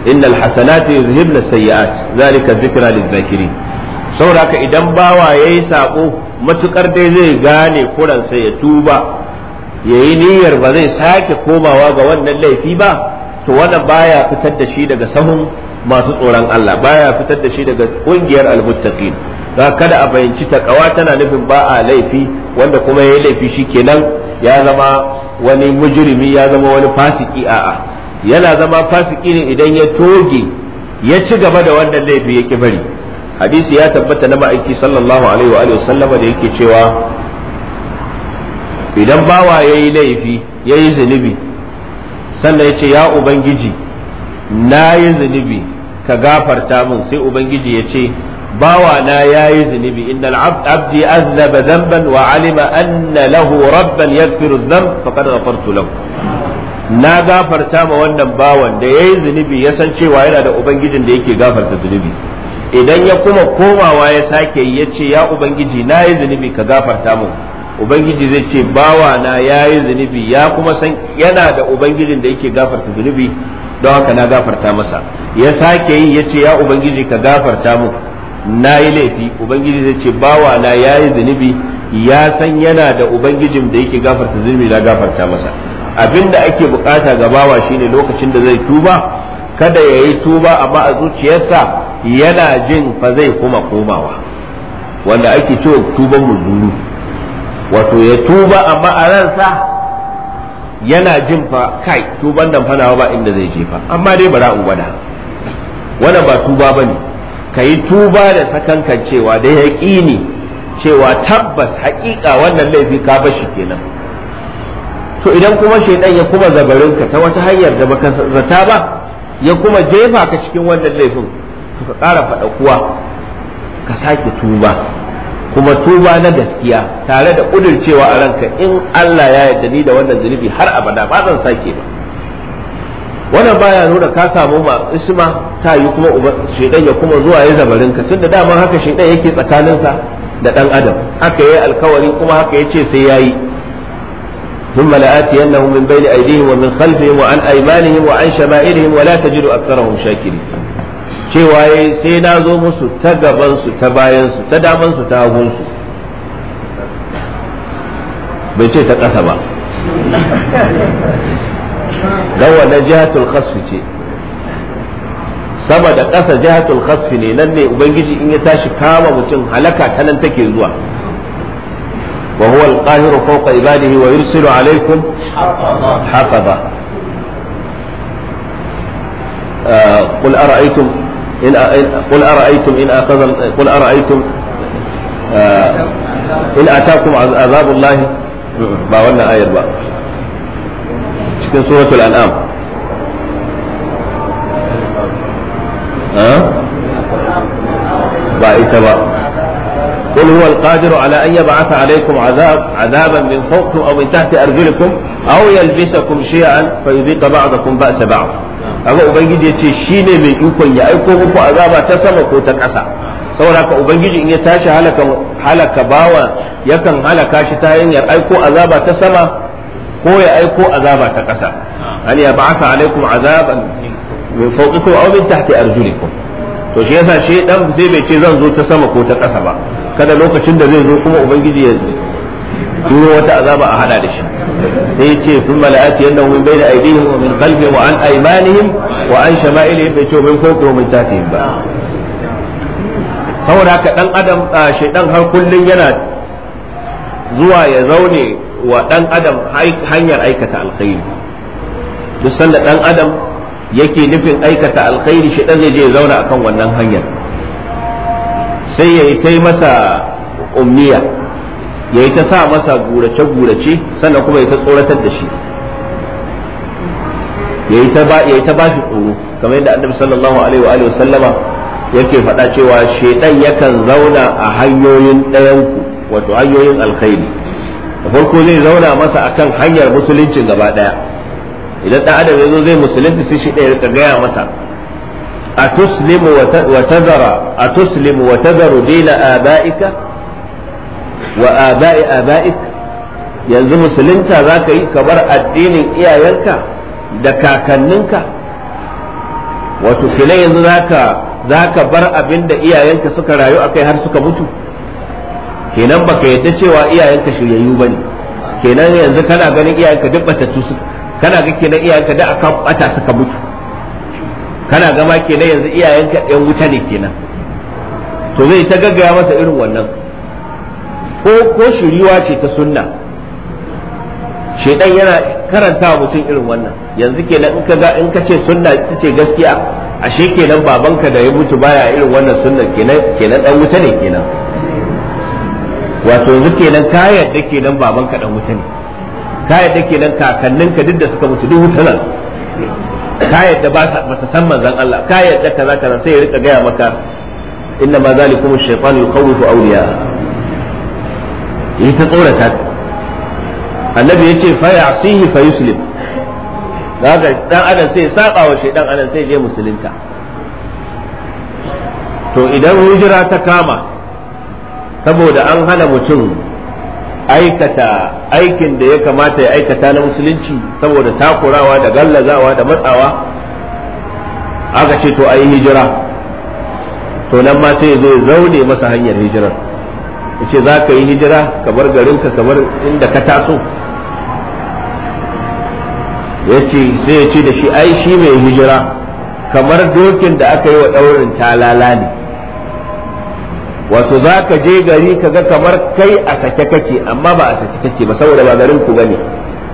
Speaker 1: innal hasanatu yuzhibna sayyi'at zalika dhikra lil-zakirin saboda idan bawa yayi sako matukar dai zai gane kuransa ya tuba ya yi niyyar ba zai sake komawa ga wannan laifi ba to wannan baya fitar da shi daga sahun masu tsoron Allah baya fitar da shi daga kungiyar almuttaqin ga kada a bayanci takawa tana nufin ba a laifi wanda kuma ya yi laifi kenan ya zama wani mujrimi ya zama wani fasiki a'a yana zama fasiki ne idan ya toge ya ci gaba da wannan laifi ya ki bari hadisi ya tabbata na ma'aiki sallallahu alaihi wa alihi sallama da yake cewa idan bawa yayi laifi yayi zunubi sannan ya ce ya ubangiji na yi zunubi ka gafarta min sai ubangiji ya ce bawa na ya yi zunubi inda abdi aznaba dhanban wa alima anna lahu rabban yaghfiru dhanb faqad ghafartu lahu na gafarta ma wannan bawan da yayi zunubi ya san cewa yana da ubangijin da yake gafarta zunubi idan ya kuma komawa ya sake ya ce ya ubangiji na yi zunubi ka gafarta mu ubangiji zai ce bawa na ya yi zunubi ya kuma san yana da ubangijin da yake gafarta zunubi don haka na gafarta masa ya sake yi ya ce ya ubangiji ka gafarta mu na yi laifi ubangiji zai ce bawa na ya yi zunubi ya san yana da ubangijin da yake gafarta zunubi na gafarta masa abin da ake bukata ga bawa shine lokacin da zai tuba kada ya yi tuba amma a zuciyarsa yana jin fa zai kuma komawa wanda ake cewa tuban muzuru wato ya tuba amma a ransa yana jin fa kai tuban nan fanawa ba inda zai je fa amma dai bara in gwada wannan ba tuba bane ka tuba da sakankan cewa da yaƙini cewa tabbas haƙiƙa wannan laifi ka bashi kenan to idan kuma shaidan ya kuma zabarinka ta wata hanyar da baka zata ba ya kuma jefa ka cikin wannan laifin suka ka ƙara kuwa ka sake tuba kuma tuba na gaskiya tare da ƙudurcewa a ranka in Allah ya yarda ni da wannan zunubi har abada ba zan sake ba wannan baya nuna ka samu ma isma ta yi kuma shaidan ya kuma zuwa ya zabarin ka tunda dama haka shaidan yake tsakaninsa da dan adam haka yayi alkawari kuma haka yace sai yayi ثم لآتينهم من بين أيديهم ومن خلفهم وعن أيمانهم وعن شمائلهم ولا تجد أكثرهم شاكرين cewa yayi sai na zo musu ta gaban su ta bayan su ta daman su ta hagun su bai ce ta ƙasa ba dan wannan jihatul khasf ce sama da ƙasa jihatul khasf ne nan ne ubangiji in ya tashi kama mutum halaka ta nan take zuwa wa huwa al qahir fawqa ibadihi wa yursilu alaykum hafaza قل uh, أرأيتم إن قل أرأيتم إن أخذ قل أرأيتم إن أتاكم عذاب الله ما ولنا آية بقى cikin suratul an'am ba ita ba قل هو القادر على أن يبعث عليكم عذاب عذابا من فوقكم أو من تحت أرجلكم أو يلبسكم شيئا فيذيق بعضكم بأس بعض amma ubangiji ya ce shi ne mai ikon ya aiko muku azaba ta sama ko ta ƙasa saboda haka ubangiji in ya tashi halaka halaka bawa yakan halaka shi ta hanyar aiko azaba ta sama ko ya aiko ta ƙasa an ya to shi yasa shi dan sai bai ce zan zo ta sama ko ta ƙasa ba kada lokacin da zai zo kuma ubangiji ya turo wata azaba a hada da shi sai ce sun mala'ati yanda min bayna aydihim wa min khalfihim wa an aymanihim wa an shama'ilihim bai ce min fawqi wa min ba saboda haka dan adam shaydan har kullun yana zuwa ya zaune wa dan adam hanyar aikata alkhairi duk sanda dan adam yake nufin aikata alkhairi shaydan zai je ya zauna akan wannan hanyar sai ya yi ta masa umniya ya yi ta sa masa gurace-gurace sannan kuma ya ta tsoratar da shi ya yi ta ba shi tsoro kamar yadda annabi sallallahu alaihi wa sallama yake faɗa cewa shaidan yakan zauna a hanyoyin ɗayanku wato hanyoyin alkhairi da farko zai zauna masa akan hanyar musulunci gaba ɗaya idan ɗan adam ya zo zai musulunci sai shi ɗaya ya gaya masa أتسلم وتذر أتسلم وتذر دين آبائك وآباء آبائك yanzu musulunta za ka yi kamar addinin iyayenka da kakanninka wato kila yanzu za ka bar abin da iyayenka suka rayu a kai har suka mutu kenan baka yadda cewa iyayenka shiryayyu ba ne kenan yanzu kana ganin iyayenka duk tusu kana ga kenan iyayenka da aka bata suka mutu kana gama kenan yanzu iyayenka ɗan wuta ne kenan to zai ta gaggaya masa irin wannan ko ko shiriwa ce ta sunna shedan yana karanta mutum irin wannan yanzu kenan in ka ga in ka ce sunna ita ce gaskiya ashe kenan babanka da ya mutu baya irin wannan sunna kenan kenan dan wuta ne kenan wato yanzu kenan ka yadda kenan babanka dan wuta ne ka yadda kenan kakanninka duk da suka mutu duk wuta ne ka yadda ba sa san manzon Allah ka yadda kaza kaza sai ya rika gaya maka inna ma zalikum ash-shaytan yukhawwifu awliya yi ta tsorata annabi yace fa ya'sihi fa yuslim daga dan adam sai saba wa shaydan adam sai je musulunta to idan hujira ta kama saboda an hana mutum aikata aikin da ya kamata ya aikata na musulunci saboda takurawa da gallazawa da matsawa aka ce to ayi hijira to nan ma sai zai zaune masa hanyar hijirar ce za ka yi hijira ka bar garinka ka bar inda ka taso yace sai ya ce da shi ai shi mai hijira kamar dokin da aka yi wa ɗaurin talala ne wato za ka je gari ka ga kamar kai a sake kake amma ba a sake kake ba saboda ba garin ku gani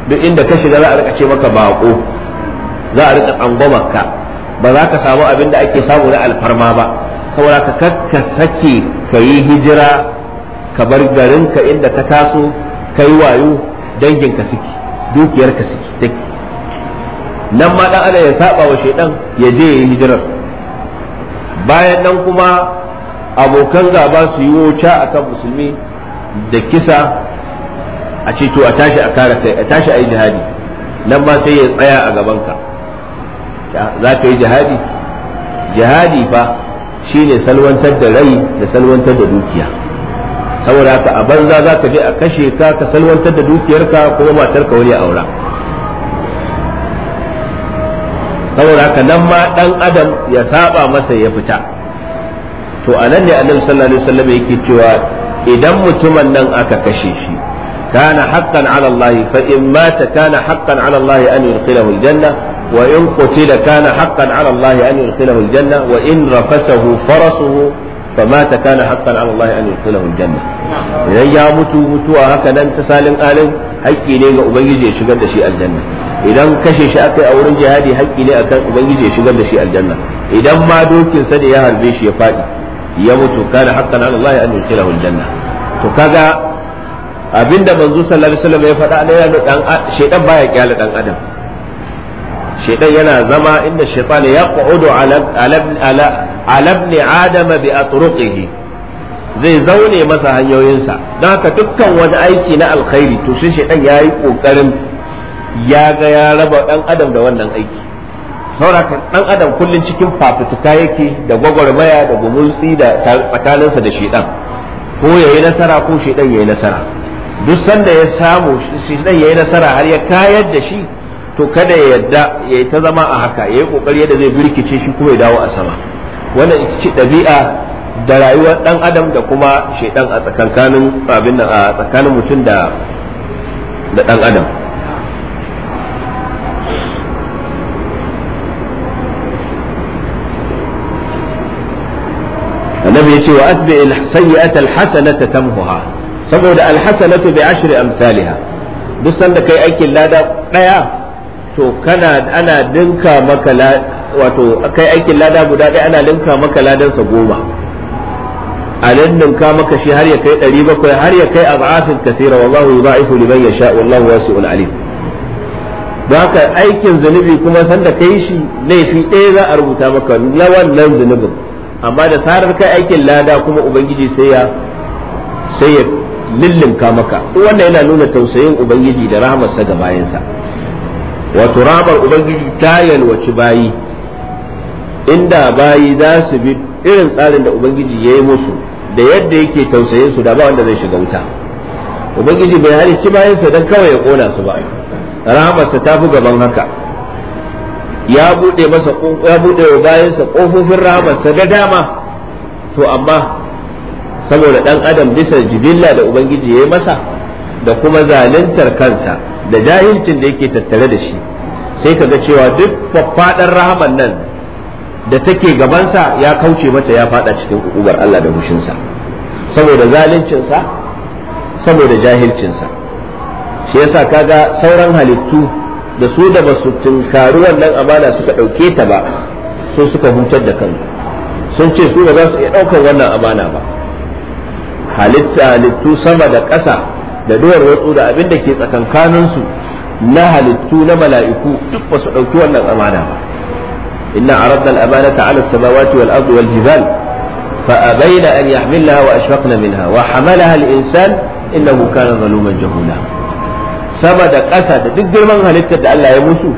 Speaker 1: duk inda ka shiga za a rika ce maka bako za a rika ka ba za ka samu abin da ake samu na alfarma ba saboda ka kakka sake ka yi hijira ka bar garin ka inda ka taso ka yi wayo danginka suke dukiyarka suke take nan ma dan ana ya saba wa shedan ya je ya yi hijirar bayan nan kuma abokan gaba su yi wuce kan musulmi da kisa a ce to a tashi a kare kai a tashi a yi jihadi nan ma sai ya tsaya a gabanka za ka yi jihadi jihadi fa ne salwantar da rai da salwantar da dukiya saboda haka a banza za ka je a kashe ka ka salwantar da dukiyarka kuma matarka wani aura saboda haka nan ma dan adam ya saba masa ya fita to anan ne annabi sallallahu alaihi wasallam yake cewa idan mutumin nan aka kashe shi kana haqqan ala Allah fa in mata kana haqqan ala Allah an yurqilahu aljanna wa in qutila kana haqqan ala Allah an yurqilahu aljanna wa in rafasahu farasuhu famata kana haqqan ala Allah an yurqilahu aljanna idan ya mutu mutuwa haka nan ta salin alin haƙƙi ne ga ubangiji ya shigar da shi aljanna idan kashe shi aka yi a wurin jihadi haƙƙi ne akan ubangiji ya shigar da shi aljanna idan ma dokin sa da ya harbe shi ya faɗi ya mutu kana haqqan ala Allah an yudkhilahu aljanna to kaga abinda manzo sallallahu alaihi wasallam ya faɗa da yana dan shedan baya kyale ɗan adam shedan yana zama inda shaytan yaqudu ala ala ala ala ibn adam bi atruqihi zai zaune masa hanyoyin sa don haka dukkan wani aiki na alkhairi to shi shedan yayi kokarin ya ga ya raba ɗan adam da wannan aiki sauraka dan adam kullum cikin fafutuka yake da gwagwarmaya da gumulsi da tsakaninsa da shidan ko ya yi nasara ko ya yi nasara duk sanda ya samu ya yi nasara har ya kayar da shi to kada ya yadda yayi ta zama a haka ya yi kokari yadda zai birkice shi kuma ya dawo a sama wannan ita ce dabi'a da rayuwar dan adam da kuma shidan a tsakankanin a tsakanin mutum da da adam annabi yace wa asbi al sayyi'ata al hasanata tamhuha saboda al hasanatu bi ashri amsalha duk sanda kai aikin lada daya to kana ana dinka maka wato kai aikin lada guda daya ana dinka maka sa goma a ka maka shi har ya kai ɗari bakwai har ya kai ab'afin kasira wallahu yudha'ifu liman yasha wallahu wasi'un alim don haka aikin zunubi kuma sanda kai shi laifi ɗaya za a rubuta maka na wannan zunubin amma da sarar kai aikin lada kuma ubangiji sai ya sai ya lillinka maka wannan yana nuna tausayin ubangiji da rahamarsa ga bayansa wato rahamar ubangiji ta yalwaci bayi inda bayi za su bi irin tsarin da ubangiji ya yi musu da yadda yake tausayin su da ba wanda zai shiga wuta ubangiji bai halicci bayansa don kawai ya kona su ba rahamarsa ta fi gaban haka ya bude masa ya bude wa bayansa kofofin sa da dama to amma saboda dan adam bisa jibilla da ubangiji ya yi masa da kuma zaluntar kansa da jahilcin da yake tattare da shi sai ka ga cewa duk faffaɗar rahaman nan da take gabansa ya kauce mata ya fada cikin kukubar Allah da mushinsa saboda sa saboda sa shi yasa kaga sauran halittu da su da basu tunkari wannan amana suka ɗauke ta ba su suka hutar da kansu sun ce su ba za su iya ɗaukar wannan amana ba halitta halittu sama da ƙasa da duwar watsu da abin da ke tsakankaninsu na halittu na mala'iku duk ba su ɗauki wannan amana ba inna aradna al-amanata 'ala as-samawati wal ardi wal jibal fa abaina an yahmilaha wa ashfaqna minha wa hamalaha al-insan innahu kana zaluman jahula sama da ƙasa da duk girman halittar da Allah ya musu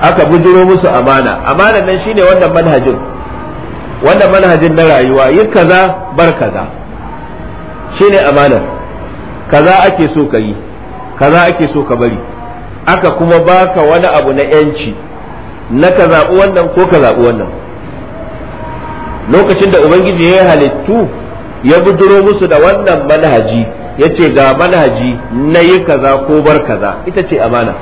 Speaker 1: aka bujiro musu amana amana nan shine wannan manhajin wannan manhajin na rayuwa yi kaza bar kaza shine amanar kaza ake so ka yi kaza ake so ka bari aka kuma baka wani abu na yanci na ka zaɓi wannan ko ka zaɓi wannan lokacin da ubangiji ya halittu ya buduro musu da wannan manhaji yace ga manhaji na yi kaza ko bar kaza ita ce amana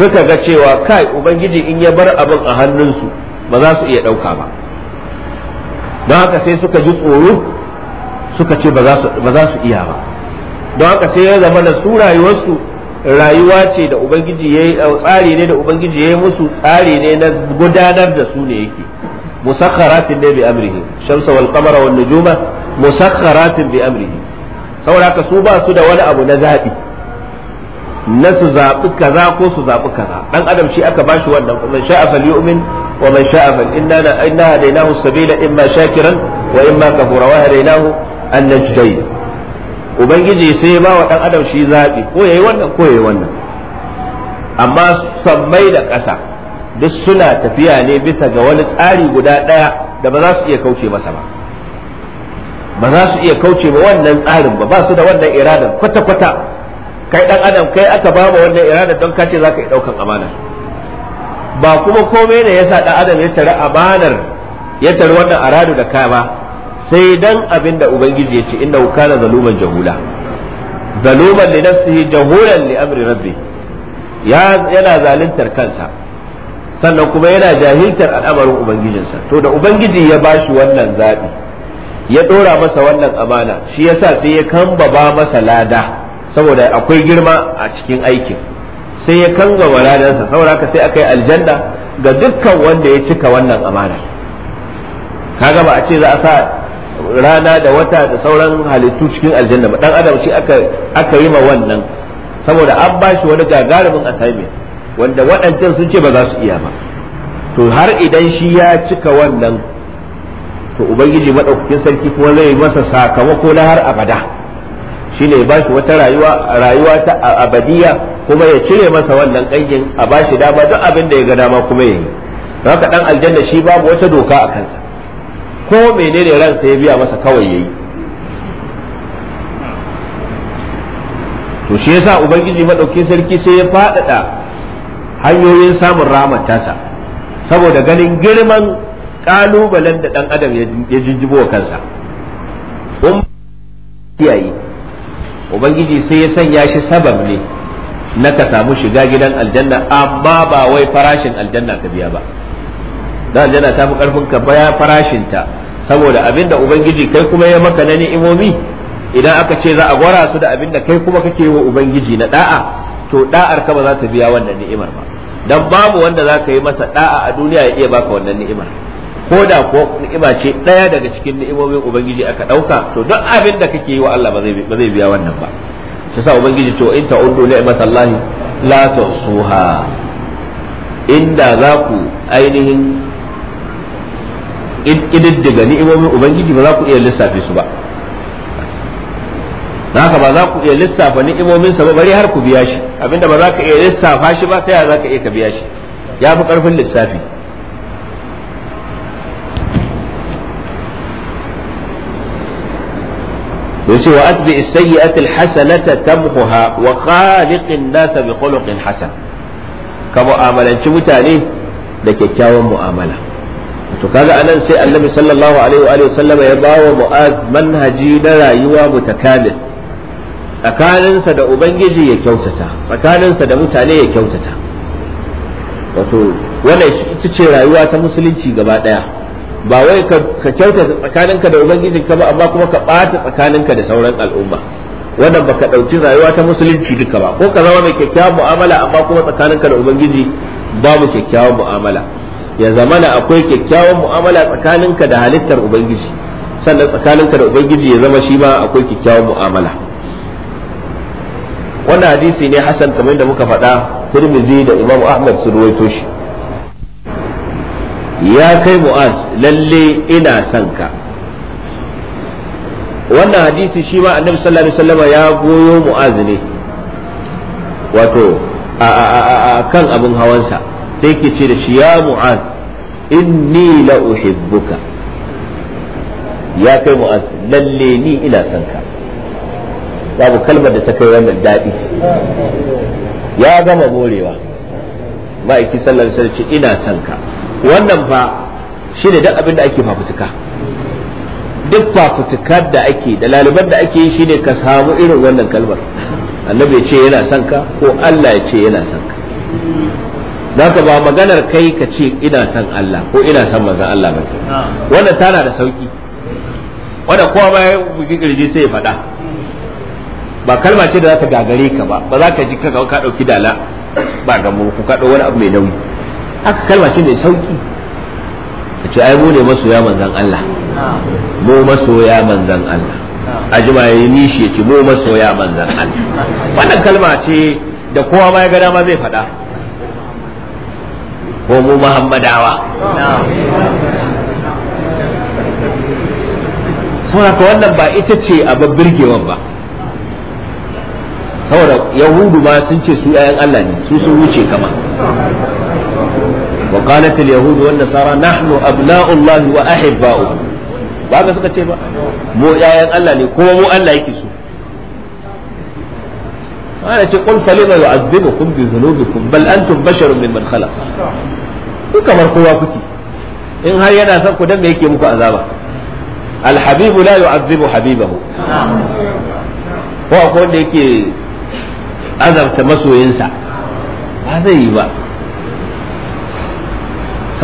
Speaker 1: suka ga cewa kai ubangiji in ya bar abin a hannunsu ba za su iya ɗauka ba don haka sai suka ji tsoro suka ce ba za su iya ba don haka sai ya zama da su rayuwarsu rayuwa ce da ubangiji ya yi tsari ne da ubangiji ya yi musu tsari ne na gudanar da su ne yake musakharatin ne bi amrihi shamsa wal qamara wan nujuma musakharatin bi amrihi saboda su ba su da wani abu na zaɓi na su zaɓi kaza ko su zaɓi kaza dan adam shi aka bashi wannan man sha'a falyu'min wa man sha'a fal inna inna hadaynahu sabila imma shakiran wa imma kafura wa hadaynahu an-najdayn ubangiji sai ba wa dan adam shi zaɓi ko yayi wannan ko yayi wannan amma sammai da ƙasa duk suna tafiya ne bisa ga wani tsari guda ɗaya da ba za su iya kauce masa ba ba za su iya kauce ba wannan tsarin ba ba su da wannan iradar kwata-kwata kai dan adam kai aka ba ma wannan iradar don kace za ka yi daukan amana ba kuma komai ne yasa dan adam ya tare amanar ya tare wannan aradu da kaya ba sai dan abin da ubangiji ya ce inna kana zaluman jahula zaluman li nafsihi jahulan li amri rabbi ya yana zaluntar kansa sannan kuma yana jahiltar al'amarin ubangijinsa to da ubangiji ya bashi wannan zabi ya ɗora masa wannan amana shi yasa sai ya kambaba masa lada saboda akwai girma a cikin aikin sai ya kangaba ladansa saboda sai aka yi aljanna ga dukkan wanda ya cika wannan amana kaga ba a ce za a sa rana da wata da sauran halittu cikin aljanna ba dan adam shi aka yi ma wannan saboda an ba shi wani gagarumin asaimi wanda waɗancan sun ce ba za su iya ba to har idan shi ya cika wannan to ubangiji madaukakin sarki kuma zai masa sakamako na har abada shine ya bashi wata rayuwa rayuwa ta abadiya kuma ya cire masa wannan kangin a bashi dama duk abin da ya ga dama kuma yayi haka dan aljanna shi babu wata doka a kansa ko menene ransa ya biya masa kawai yayi to shi yasa ubangiji madaukakin sarki sai ya faɗaɗa hanyoyin samun ramar tasa saboda ganin girman kalubalen da dan adam ya jinjibo wa kansa um, kiyaye ubangiji sai ya sanya shi sabab ne na ka samu shiga gidan aljanna amma ba wai farashin aljanna ka biya ba da aljanna ta fi karfin ka baya farashinta saboda abinda ubangiji kai kuma ya maka na ni'imomi idan aka ce za a gwara su da abinda kai kuma kake wa ubangiji na da'a to da'ar ka ba za ta biya wannan ni'imar ba dan babu wanda za ka yi masa da'a a duniya ya iya baka wannan ni'imar ko da ko ni'ima ce ɗaya daga cikin ni'imomin ubangiji aka ɗauka to duk abin da kake yi wa Allah ba zai biya wannan ba shi yasa ubangiji to in ta'uddu ni'matallahi la tusuha inda za ku ainihin ƙididdiga ni'imomin ubangiji ba za ku iya lissafe su ba haka ba za ku iya lissafa ni'imominsa ba bari har ku biya shi abinda ba za ka iya lissafa shi ba ta yaya za ka iya ka biya shi ya fi ƙarfin lissafi yace wa atbi as-sayyi'ata al tamhuha wa khaliqin nasa bi khuluqin hasan ka mu'amalanci mutane da kyakkyawan mu'amala to kaga anan sai annabi sallallahu ya bawa mu'az manhaji na rayuwa mutakamil tsakaninsa da ubangiji ya kyautata tsakaninsa da mutane ya kyautata wato wannan ita ce rayuwa ta musulunci gaba daya ba wai ka kyauta tsakaninka da ubangijinka ba amma kuma ka ɓata tsakaninka da sauran al'umma wannan baka ɗauki rayuwa ta musulunci duka ba ko ka zama mai kyakkyawan mu'amala amma kuma tsakaninka da ubangiji babu kyakkyawan mu'amala ya zama na akwai kyakkyawan mu'amala tsakaninka da halittar ubangiji sannan tsakaninka da ubangiji ya zama shi ma akwai kyakkyawan mu'amala wannan hadisi ne hasan kamar da muka faɗa turmizi da imam ahmad su ruwaito shi ya kai mu'az lalle ina son ka wannan hadisi shi ma annabi sallallahu alaihi wasallam ya goyo mu'az ne wato a kan abin hawansa sai ke ce da shi ya mu'az inni la uhibbuka ya kai mu'az lalle ni ina son ka babu kalmar da ta kai wannan daɗi ya gama morewa ma'aiki sallallahu alaihi wasallam ce ina son ka wannan fa shi ne duk abin da ake fafutuka duk fafutukar da ake da laliban da ake yi shi ne ka samu irin wannan kalmar annabi ya ce yana son ka ko Allah ya ce yana son ka zaka ba maganar kai ka ce ina son Allah ko ina son manzan Allah ba wannan tana da sauki wanda kowa ba ya bugi kirji sai ya faɗa ba kalma ce da za ta gagare ka ba ba za ka ji ka ka ɗauki dala ba ga mu ka ɗau wani abu mai nauyi aka kalma ce mai sauki a ce ai mu ne masoya manzan Allah mu masoya manzan Allah ajima ya yi nishi ya ce mu masoya manzan Allah wannan kalma ce da kowa ma ya ga dama zai faɗa ko mu muhammadawa saboda wannan ba ita ce abin birgewan ba saboda yahudu ma sun ce su 'ya'yan Allah ne su sun wuce kama wa qalat al yahud wa nasara nahnu abna'ullah wa ba ga suka ce ba mu yayan Allah ne kuma mu Allah yake so ana ce qul falima yu'adhibukum bi dhunubikum bal antum basharun mimman khalaq ku kamar kowa kuke in har yana son ku dan me yake muku azaba al habibu ko wanda yake azabta masoyinsa ba zai yi ba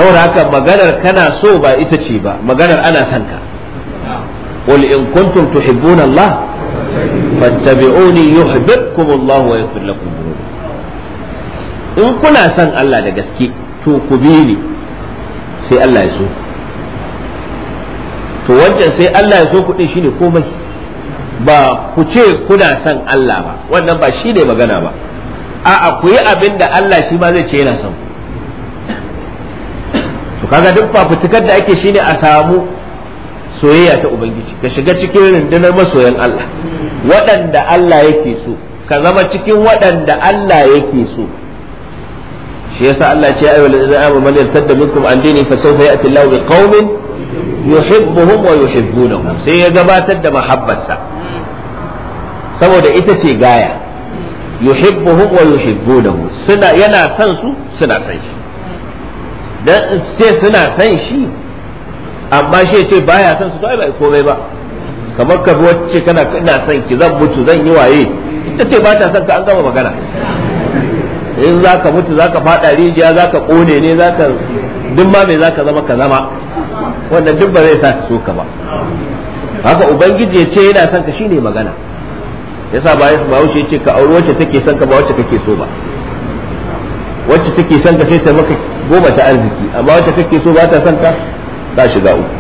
Speaker 1: saboda haka maganar kana so ba ita ce ba maganar ana son ka qul in kuntum tuhibbuna Allah fattabi'uni yuhibbukum Allah wa yaghfir lakum in kuna son Allah da gaske to ku bi ni sai Allah ya so to wanda sai Allah ya so din shine komai ba ku ce kuna son Allah ba wannan ba shine magana ba a'a ku yi abin Allah shi ma zai ce yana son ku kaga duk fafutukar da ake shine a samu soyayya ta ubangiji ka shiga cikin rundunar masoyan Allah waɗanda Allah yake so ka zama cikin waɗanda Allah yake so shi yasa Allah ce ayyuhal ladzina amanu man yartadda minkum an dini fa sawfa ya'ti Allahu biqaumin yuhibbuhum wa yuhibbunahum sai ya gabatar da mahabbarsa saboda ita ce gaya yuhibbuhum wa yuhibbunahu suna yana son su suna son shi dan ce suna san shi amma shi ce baya san su to ai ba komai ba kamar ka wacce kana ina san ki zan mutu zan yi waye ita ce ba ta san ka an gama magana in za ka mutu za ka faɗa rijiya za ka ƙone ne za ka duk ma me za ka zama ka zama wanda duk ba zai sa ka so ka ba haka ubangiji ya ce yana son ka shine magana yasa ba ba wuce ce ka auri wacce take son ka ba wacce kake so ba wacce take son ka sai ta maka goma ta arziki amma wacce kake so ba ta son ka ta shiga uku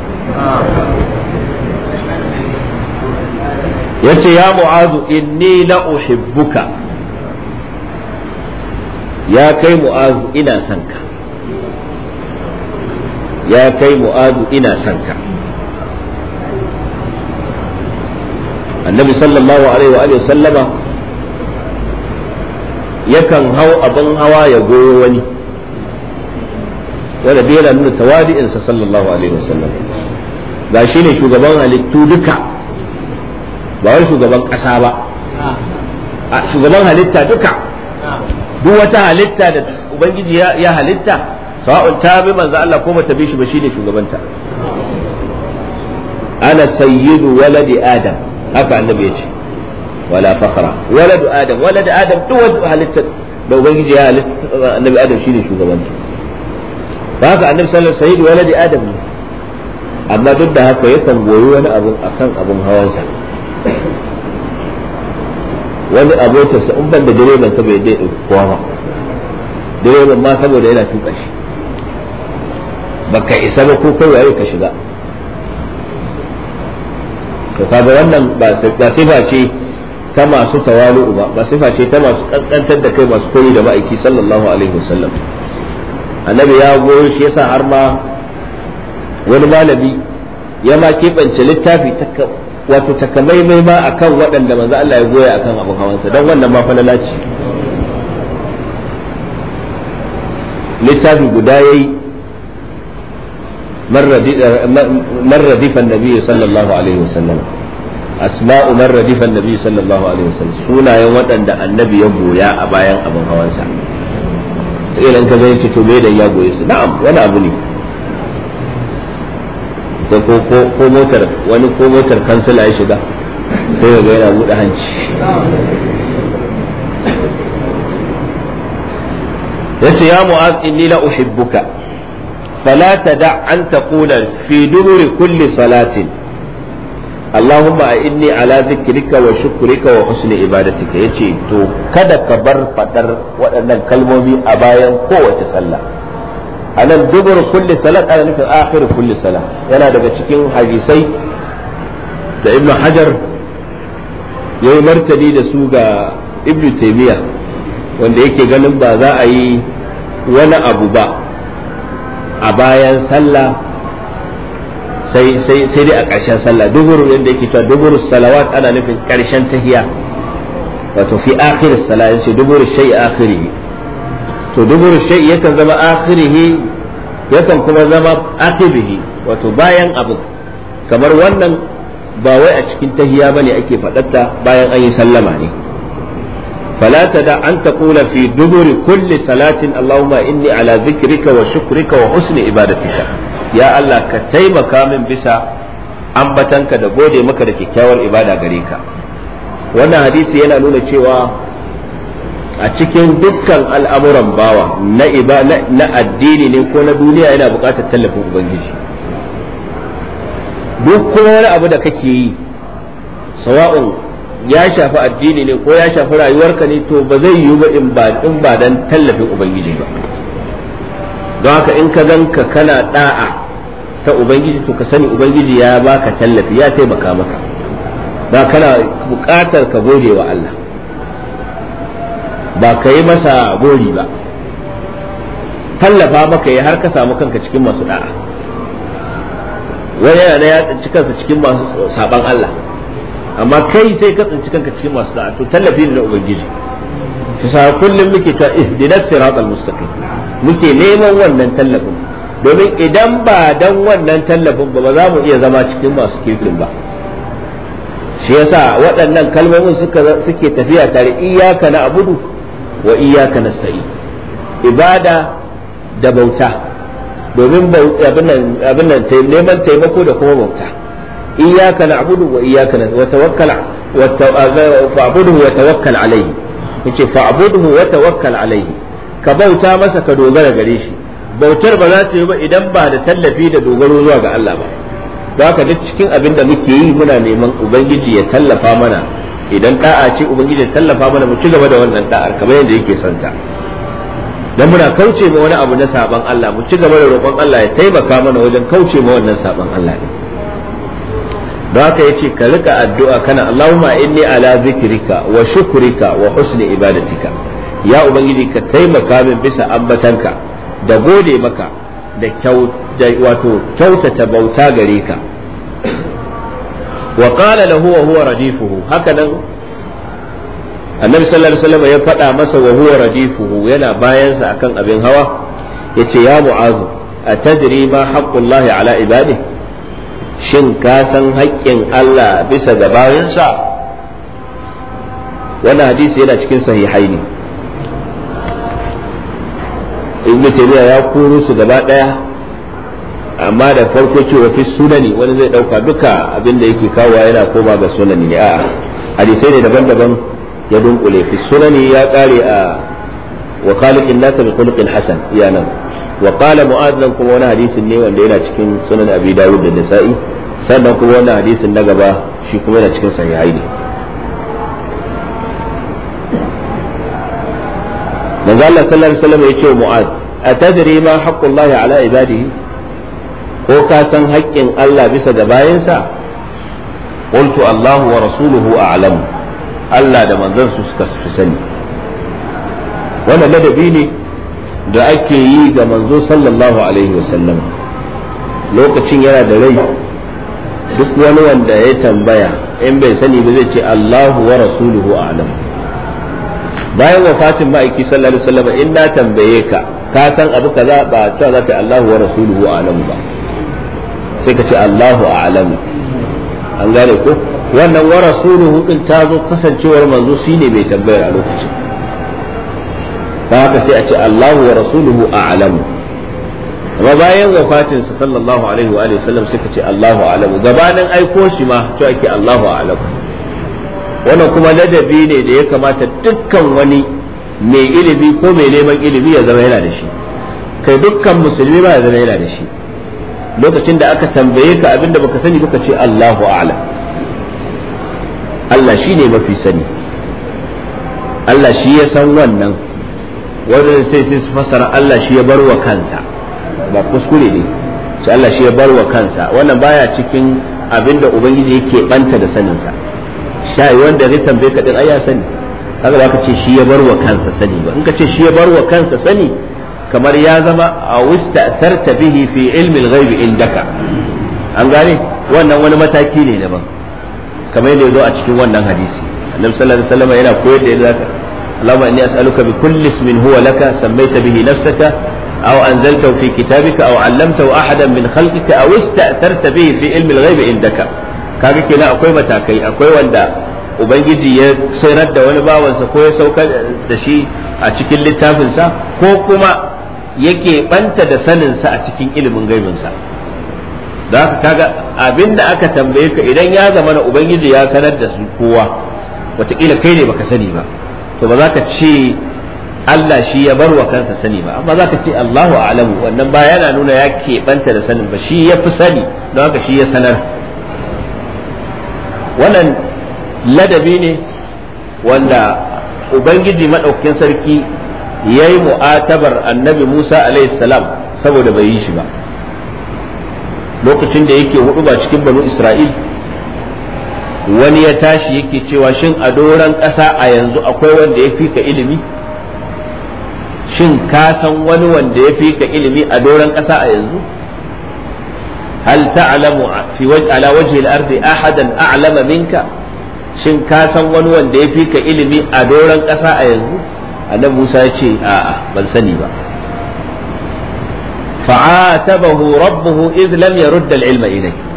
Speaker 1: yace ya mu'azu inni la uhibbuka ya kai mu'azu ina son ka ya kai mu'azu ina son ka annabi sallallahu alaihi wa sallama yakan hau abin hawa ya goyo wani wanda da yana nuna tawadi'insa sallallahu alaihi wasallam ga shi ne shugaban halittu duka ba wai shugaban ƙasa ba a shugaban halitta duka duk wata halitta da ubangiji ya halitta sawa'un ta bi manzo Allah ko bata bi shi ba shine shugabanta ana sayyidu waladi adam haka annabi ya ce wala fakhra waladu adam waladu adam duk wata halitta da ubangiji ya halitta annabi adam shine shugabanta ba haka annabi sallallahu alaihi wasallam waladi adam ne amma duk da haka yakan goyi wani abu akan abun hawansa wani abokinsa in ban da direban sa bai dai kowa ba direban ma saboda yana tuka shi baka isa ba ko kai waye ka shiga to kaga wannan ba sifa ce ta masu tawalu ba ba sifa ce ta masu kaskantar da kai masu koyi da ma'aiki sallallahu alaihi wasallam annabi ya goyo shi yasa har ma wani malami ya ma kebance littafi wato takamaimai ma a kan waɗanda manzo Allah ya goya a kan abin sa don wannan ma falala ce littafi guda ya yi marradifan eh, nabi sallallahu alaihi wasallam asma'u marradifan nabi sallallahu alaihi wasallam sunayen waɗanda annabi ya goya a bayan abin hawansa kila in ka zo yace to da ya goye su na'am wani abu ne ko ko ko motar wani ko motar kansila ya shiga sai ga yana buɗe hanci yace ya mu'az inni la uhibbuka فلا da an تقول fi دبر kulli salatin. Allahumma a inni ala zikirika wa shukurika wa husni ibadatika yace to kada ka bar fadar waɗannan kalmomi a bayan kowace sallah anan dubur kulle salat ana nufin akhir kulli salah yana daga cikin hadisai da ibnu hajar yayi martani da su ga ibnu Taimiyya, wanda yake ganin ba za a yi wani abu ba a bayan sallah sai sai sai dai a ƙarshen sallah duhuru yanda yake cewa duhuru salawat ana nufin ƙarshen tahiya wato fi akhir salah yace duhuru shay'i akhirihi to duhuru shay'i yakan zama akhirihi yakan kuma zama aqibihi wato bayan abu kamar wannan ba wai a cikin tahiya bane ake fadatta bayan an yi sallama ne فلا تدع أن تقول في دبر كل صلاة اللهم إني على ذكرك وشكرك وحسن عبادتك ya Allah ka taimaka min bisa ambatanka da gode maka da kyakkyawar ibada gare ka wannan hadisi yana nuna cewa a cikin dukkan al'amuran bawa na na addini ne ko na duniya yana buƙatar tallafin ubangiji duk kuma wani abu da kake yi sawa'un ya shafi addini ne ko ya shafi rayuwarka ne to ba zai yiwu ba in ba dan tallafin ubangiji ba don haka in ka ganka kana da'a ta ubangiji to ka sani ubangiji ya baka tallafi ya taimaka maka ba kana bukatar ka gode wa Allah ba ka yi masa gori ba tallafa maka ya har ka samu kanka cikin masu da'a wani yana ya tsinci kansa cikin masu saban Allah amma kai sai ka tsinci kanka cikin masu da'a to tallafi ne na ubangiji sa kullum muke ta ihdinas siratal mustaqim muke neman wannan tallafin domin idan ba dan wannan tallafin ba ba za mu iya zama cikin masu kifin ba shi yasa waɗannan kalmomin suke tafiya tare iyaka na abudu wa iyaka na sa'i ibada da bauta domin abin nan neman taimako da kuma bauta iyaka na abudu wa iyaka na wa tawakkal wa abudu wa tawakkal alayhi yace abuduhu wa tawakkal alayhi ka bauta masa ka dogara gare shi bautar ba za ta yi ba idan ba da tallafi da dogaro zuwa ga Allah ba don haka duk cikin abin da muke yi muna neman ubangiji ya tallafa mana idan da'a ce ubangiji ya tallafa mana mu ci gaba da wannan da'ar kamar yadda yake son ta dan muna kauce ma wani abu na saban Allah mu ci gaba da roƙon Allah ya taimaka mana wajen kauce ma wannan saban Allah ne don haka ce ka rika addu'a kana Allahumma inni ala zikrika wa shukrika wa husni ibadatika ya ubangiji ka taimaka min bisa ambatanka da gode maka da wato kyautata bauta gare ka wa qala lahu wa huwa radifuhu haka nan annabi sallallahu alaihi wasallam ya faɗa masa wa huwa radifuhu yana bayan sa akan abin hawa yace ya mu'azu atadri ma haqqullahi ala ibadihi shin ka san haƙƙin Allah bisa ga bayansa wannan hadisi yana cikin sahihaini ibn taymiya ya kuru su gaba daya amma da farko cewa fi sunani wani zai dauka duka abin da yake kawo yana koma ga sunani ne a'a hadisai ne daban-daban ya dunkule fi sunani ya kare a wa khaliqin nasa bi khuluqin hasan wa qala mu'adh kuma wani hadisin ne wanda yana cikin sunan abi dawud da nasa'i sannan kuma wannan hadisin na gaba shi kuma yana cikin sahihai ne manzo Allah sallallahu alaihi wasallam yace mu'adh atadri ma haqqullahi ala ibadihi ko ka san haƙƙin Allah bisa ga bayansa qultu Allahu wa rasuluhu a'lamu Allah da manzon su suka fi sani wannan ladabi ne da ake yi ga manzo sallallahu alaihi wasallam lokacin yana da rai duk wani wanda ya tambaya in bai sani ba zai ce Allahu wa rasuluhu a'lam bayan wafatin ma'aiki sallallahu alaihi wasallam in na tambaye ka ka san abu kaza ba cewa za ka Allahu wa rasuluhu a'lam ba sai ka ce Allahu a'lam an gane ko wannan wa rasuluhu din ta zo kasancewar manzo shine bai tambayar a lokacin ta haka sai a ce Allahu wa rasuluhu a'lamu amma bayan wafatin sa sallallahu alaihi wa sallam suka ce Allahu a'lamu gabanin aiko shi ma to ake Allahu a'lamu wannan kuma ladabi ne da ya kamata dukkan wani mai ilimi ko mai neman ilimi ya zama yana da shi kai dukkan musulmi ba ya zama yana da shi lokacin da aka tambaye ka abinda baka sani kuka ce Allahu a'lam Allah shi ne mafi sani Allah shi ya san wannan wanda sai sai su fassara Allah shi ya bar wa kansa ba kuskure ne sai Allah shi ya bar wa kansa wannan baya cikin abinda ubangiji yake banta da saninsa shayi wanda zai tambaye ka din ai ya sani kaga ba ka ce shi ya bar wa kansa sani ba in ka ce shi ya bar wa kansa sani kamar ya zama a wista'tarta bihi fi ilmi al-ghaib indaka an gane wannan wani mataki ne daban kamar yadda ya zo a cikin wannan hadisi annabi sallallahu alaihi wasallam yana koyar da yadda اللهم إني أسألك بكل اسم هو لك سميت به نفسك أو أنزلته في كتابك أو علمته أحدا من خلقك أو استأثرت به في علم الغيب عندك kaga kenan akwai matakai akwai wanda ubangiji ya sayar da wani bawansa ko ya saukar da shi a cikin littafinsa ko kuma yake banta da saninsa a cikin ilimin gaibinsa da haka kaga abin da aka tambaye ka idan ya zama na ubangiji ya sanar da su kowa wataƙila kai ne baka sani ba to ba za ka ce Allah shi ya bar wa kansa sani ba amma za ka ce Allahu a'lamu wannan ba yana nuna ya keɓanta da sanin ba shi ya fi sani don haka shi ya sanar wannan ladabi ne wanda ubangiji maɗaukakin sarki ya yi mu'atabar annabi Musa salam saboda bai yi shi ba lokacin da yake hudu ba cikin banu Isra'il wani ya tashi yake cewa shin a doron ƙasa a yanzu akwai wanda ya fi ka ilimi shin ka san wani wanda ya fi ka ilimi a doron ƙasa a yanzu hal ta'lamu fi ala wajhi al-ardi ahadan a'lama minka shin ka san wani wanda ya fi ka ilimi a doron ƙasa a yanzu annabi Musa ya ce a'a ban sani ba fa'atabahu rabbuhu idh lam yurda al-ilma ilayhi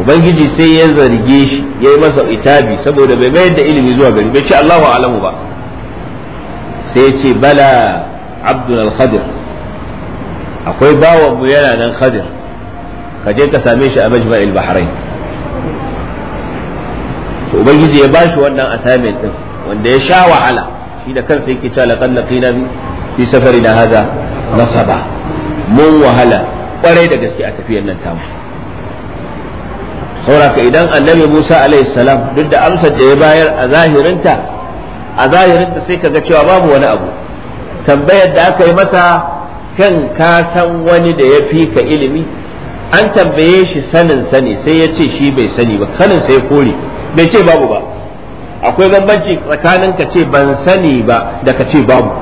Speaker 1: ubangiji sai ya zarge shi ya yi masa itabi saboda bai mayar da ilimi zuwa gari bai ce Allahu alamu ba sai ya ce bala abdul al-khadir akwai bawan mu yana nan khadir ka je ka same shi a majma'il bahrain to ubangiji ya bashi wannan assignment din wanda ya sha wahala shi da kansa yake cewa laqad laqina fi safarina hada nasaba mun wahala kwarai da gaske a tafiyar nan tamu ka idan annabi Musa alaihi salam duk da amsar da ya bayar a zahirinta a zahirinta sai kaga cewa babu wani abu tambayar da aka yi masa kan ka san wani da ya fi ka ilimi an tambaye shi sanin sani sai ya ce shi bai sani ba sanin sai kore bai ce babu ba akwai bambanci tsakanin ka ce ban sani ba da ka ce babu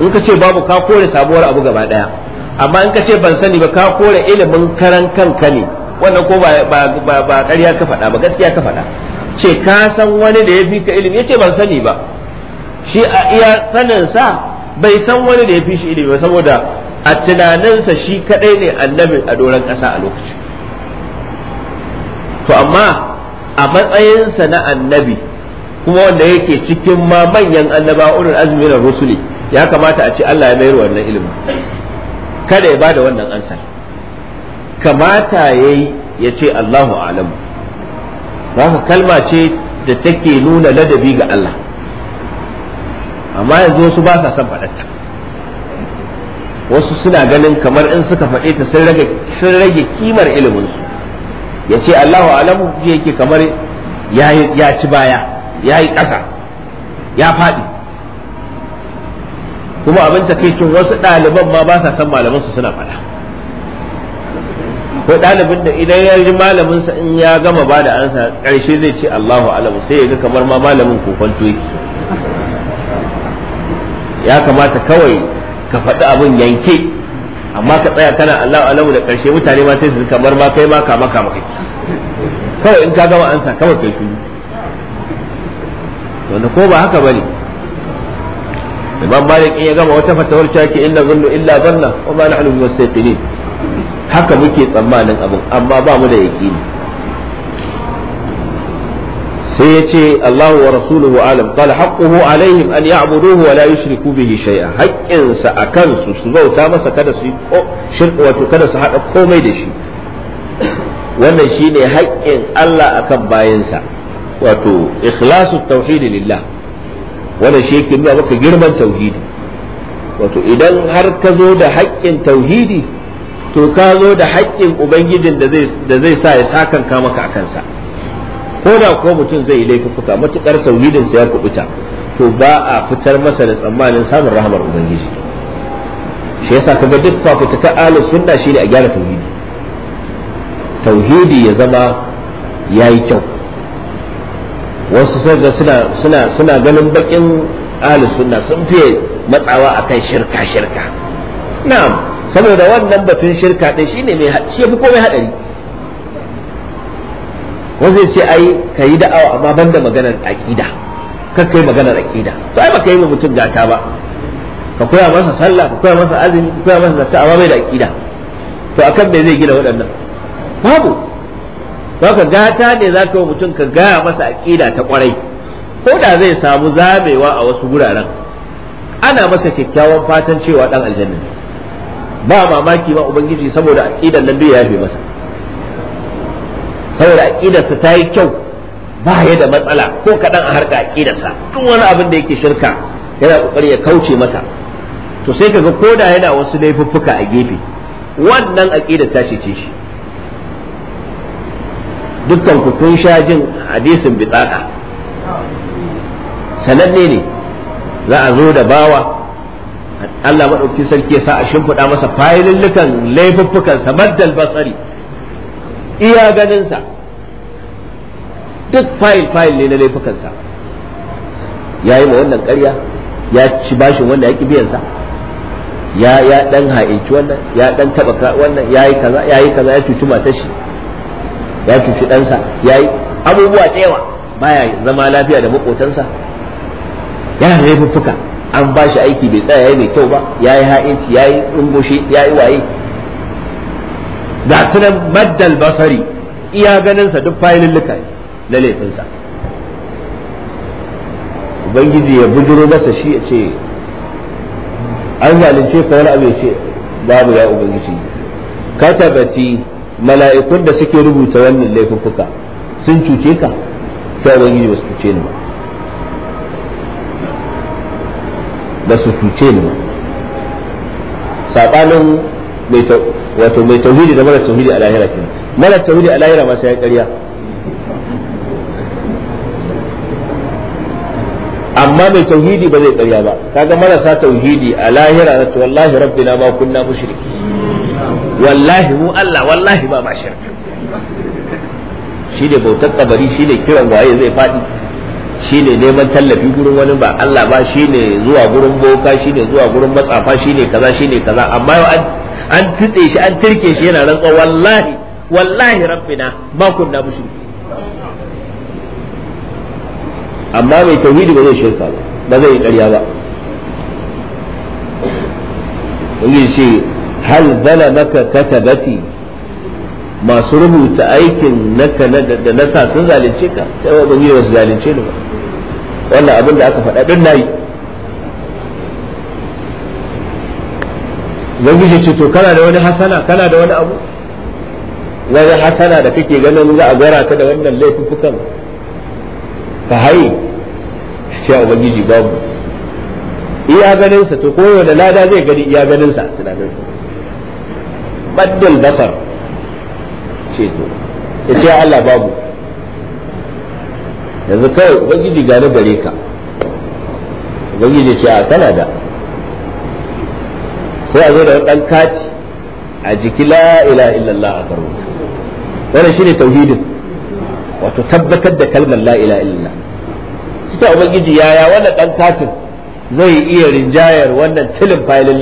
Speaker 1: in ka ce babu ka kore sabuwar abu gaba daya amma in ka ce ban sani ba ka kore ilimin karan kanka ne wannan ko ba ba ba ƙarya ka faɗa ba gaskiya ka faɗa ce ka san wani da ya fi ka ilimi yace ban sani ba shi a iya sanin sa bai san wani da ya fi shi ilimi ba saboda a tunaninsa shi kadai ne annabi a doron ƙasa a lokaci to amma a matsayinsa na annabi kuma wanda yake cikin ma manyan annaba ulul azmi na rusuli ya kamata a ce Allah ya mayar wannan ilimin kada ya bada wannan ansar kamata ya yi ya ce Allahu alamu ka kalma ce da take nuna ladabi ga Allah amma yanzu wasu ba sa son faɗarta wasu suna ganin kamar in suka faɗe ta sun rage kimar iliminsu ya ce Allahu alamu yake kamar ya ci baya ya yi ƙasa ya faɗi kuma abin takaicin wasu ɗaliban ma ba sa son malamansu suna faɗa Ko ɗalibin da idan ya ji malaminsa in ya gama ba da ansa ƙarshe zai ce Allahu alamu sai ya ga kamar ma malamin kokonto yake ya kamata kawai ka faɗi abin yanke amma ka tsaya kana Allahu alamu da ƙarshe mutane ma sai su kamar ma kai ma kama kama kake kawai in ka gama ansa kawai kai shi. wanda ko ba haka bane imam malik in ya gama wata fatawar ta ce inna zunnu illa zanna wa ma nahnu bi mustaqinin haka muke tsammanin abin amma ba mu da ne. sai ya ce Allah wa rasuluhu alam qala haqquhu alaihim an ya'buduhu wa la yushriku bihi shay'a haƙƙinsa a kansu su bauta masa kada su shirku wato kada su haɗa komai da shi wannan shine haƙƙin Allah akan bayansa wato ikhlasu tauhid lillah wannan shi yake nuna maka girman tauhidi wato idan har ka zo da haƙƙin tauhidi to ka zo da haƙƙin ubangijin da zai sa ya sakan maka a kansa ko da ko mutum zai yi laifuka matukar tauhidin sa ya kubuta to ba a fitar masa da tsammanin samun rahamar ubangiji shi yasa kaga duk fafutuka alu sunna shine a gyara tauhidi tauhidi ya zama yayi kyau wasu sai suna suna suna ganin bakin alu sunna sun fiye matsawa akan shirka shirka na'am saboda wannan batun shirka shi ne mai shi fi komai hadari wanda ce ai yi da'awa amma ban da maganar aƙida kar kai maganar aƙida to ai baka yi mutum gata ba ka koya masa sallah ka koya masa azumi ka koya masa zakka amma bai da aƙida to akan me zai gina waɗannan babu ka gata ne za ka mutum ka gaya masa aƙida ta kwarai ko da zai samu zamewa a wasu guraren ana masa kyakkyawan fatan cewa dan aljanna ne ba mamaki ba ubangiji saboda aqidar nan duk ya yafe masa saboda sa ta yi kyau ba ya da matsala ko kaɗan a harka sa duk wani abin da yake shirka yana kokari ya kauce masa to sai kaga koda yana wasu laifuffuka a gefe wannan aqidar ta cece shi dukkan ku kun sha jin hadisin bitsaka sananne ne za a zo da bawa Allah maɗauki sarki ya sa a shimfiɗa masa fayilillukan laifuffukan sa maddal basari iya ganin duk fayil fayil ne na laifukan sa yayi ma wannan ƙarya ya ci bashin wanda ya ki biyan sa ya ya dan ha'inci wannan ya dan taba wannan yayi kaza yayi kaza ya cuci matar shi ya cuci ɗansa yayi abubuwa tsewa yawa baya zama lafiya da makotansa yana laifuffuka an ba shi aiki bai tsaya yayi mai kyau ba yayi ha'inci yayi dungushi yayi waye ga sunan maddal basari iya ganin sa duk fayilulluka na laifinsa ubangiji ya bujuro masa shi ya ce an zalunce ka wani abu ya ce babu ya ubangiji katabati mala'ikun da suke rubuta wannan laifuka sun cuce ka Ta ubangiji ba su cuce ni ba ba su cuce ni ba saɓanin wato mai tauhidi da mara tauhidi a lahira kenan mara tauhidi a lahira ma sai ya ƙarya amma mai tauhidi ba zai ƙarya ba kaga marasa tauhidi a lahira na to wallahi rabbina ma kunna mushriki wallahi mu Allah wallahi ba ma shirka shi ne bautar kabari shi ne kiran waye zai faɗi shine neman tallafi gurin wani ba Allah ba shine zuwa gurin boka shine zuwa gurin matsafa shine kaza shine kaza amma an an tutse shi an turke shi yana rantsa wallahi wallahi rabbina ma kunna mushriki amma mai tauhidi ba zai shirka ba ba zai yi ƙarya ba wani shi hal bala maka katabati masu rubuta aikin naka da nasa sun zalunce ka sai ba zai wasu zalunce ne ba wannan abin da aka faɗa ɗin nayi ubangiji ce to kana da wani hasana kana da wani abu wani hasana da kake ganin za a gwara ta da wannan laifukan ka haye ce ubangiji babu iya ganinsa to da lada zai gani iya ganinsa tunanin baddal basar ce to ya ce Allah babu yanzu kawai ubangiji gane gare ka ubangiji ce a kana da sai a zo da dan kati a jiki la ilaha illallah a karo wannan shine tauhidin wato tabbatar da kalmar la ilaha illallah suka ubangiji yaya wannan ɗan katin zai iya rinjayar wannan tilin fayilin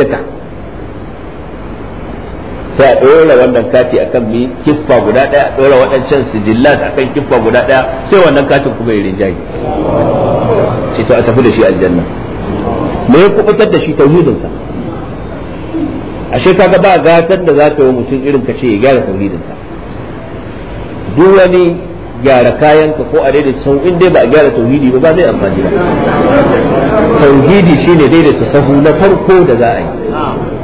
Speaker 1: sai a ɗora wannan kati akan mi kiffa guda ɗaya a ɗora waɗancan sijillat akan kiffa guda ɗaya sai wannan katin kuma ya rinjaye shi to a tafi da shi aljanna me ya kubutar da shi tauhidinsa ashe kaga ba gatan da za ta yi mutum irin ka ce ya gyara tauhidinsa duk wani gyara kayan ka ko a daidaita sahu in dai ba a gyara tauhidi ba ba zai amfani ba tauhidi shine daidaita sahu na farko da za a yi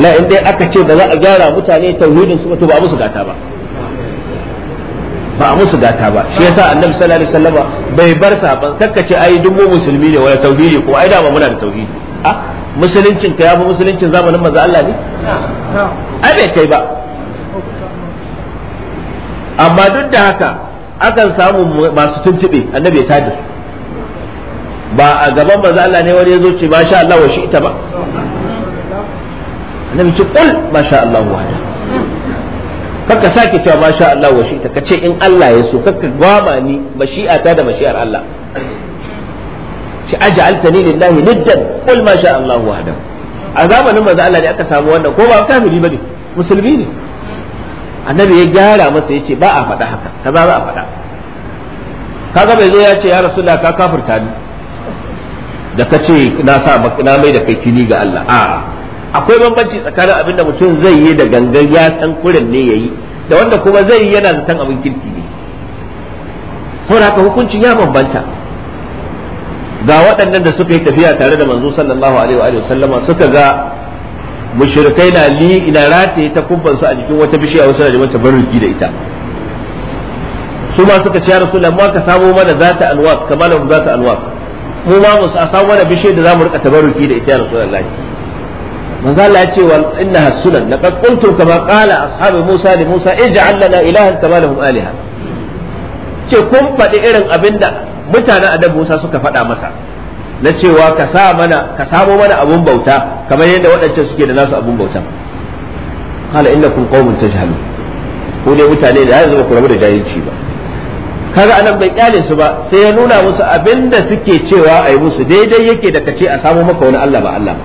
Speaker 1: wala in dai aka ce ba za a gyara mutane tauhidin su to ba musu gata ba ba a musu gata ba shi yasa annabi sallallahu alaihi wasallam bai bar saban kakkace ai duk mu musulmi ne wala tauhidi ko ai da ba muna da tauhidi a ah, musuluncin ka ya fi musuluncin zamanin manzo Allah ne ai bai kai ba amma duk da haka akan samu masu tuntube annabi ya tada ba a gaban manzo Allah ne wani ya zo ce sha Allah wa shi ita ba annabi ce kul masha Allah wahda kaka sake cewa masha Allah wa ta kace in Allah ya so kaka gwama ni ta da mashi'ar Allah shi aj'altani lillahi niddan kul masha Allah wahda a zamanin manzo Allah ne aka samu wannan ko ba kafiri bane musulmi ne annabi ya gyara masa yace ba a faɗa haka kaza ba a faɗa kaga bai zo ya ce ya rasulullah ka kafirta ni da kace na sa na mai da kai kini ga Allah a'a akwai bambanci tsakanin abin da mutum zai yi da gangan ya san kurin ne yayi da wanda kuma zai yi yana zaton abin kirki ne saboda haka hukuncin ya bambanta ga waɗannan da suka yi tafiya tare da manzo sallallahu alaihi wa sallama suka ga mushrikai na li ina rataye ta kubban su a jikin wata bishiya wasu da mata barruki da ita su ma suka ce ya rasu amma ka samo mana za ta alwaq kamar zata alwaf mu ma mu a samo mana bishiyar da za mu rika tabarruki da ita ya rasulullahi manzo Allah ya ce wal innaha sunan laqad qultu kama qala ashabu Musa li Musa ij'al lana ilahan kama lahum alaha ce kun faɗi irin abinda mutanen adam Musa suka faɗa masa na cewa ka sa mana ka samo mana abun bauta kamar yadda waɗancan suke da nasu abun bauta qala innakum qaumun tajhalu ko dai mutane da yanzu ba ku rabu da jahilci ba kaga anan bai kyale su ba sai ya nuna musu abinda suke cewa ai musu daidai yake da kace a samo maka wani Allah ba Allah ba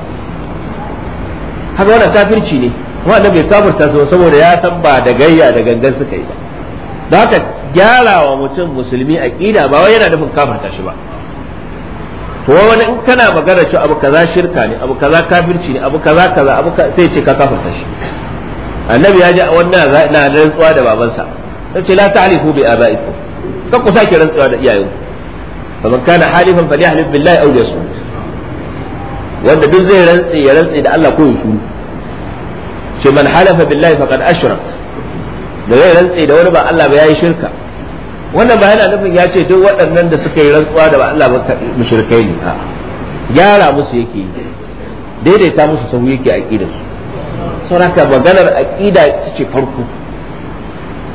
Speaker 1: haka wannan kafirci ne kuma annabi bai kafirta su saboda ya san ba da gayya da gangan suka yi ba da haka gyarawa mutum musulmi a aqida ba wai yana nufin kafirta shi ba to wani in kana magana cewa abu kaza shirka ne abu kaza kafirci ne abu kaza kaza abu sai ce ka kafirta shi annabi ya ji a wannan na rantsuwa da babansa sai ce la ta'lifu bi aba'ikum kan ku sake rantsuwa da iyayenku faman kana halifan falyahlif billahi aw yasum wanda duk zai rantse ya rantse da Allah ko ya ce man halafa billahi faqad ashrak da zai rantse da wani ba Allah ba yayi shirka wannan ba yana nufin ya ce duk waɗannan da suka yi rantsuwa da ba Allah ba mushrikai ne a gyara musu yake yi daidaita musu sahu yake aqida su saboda maganar aqida ce farko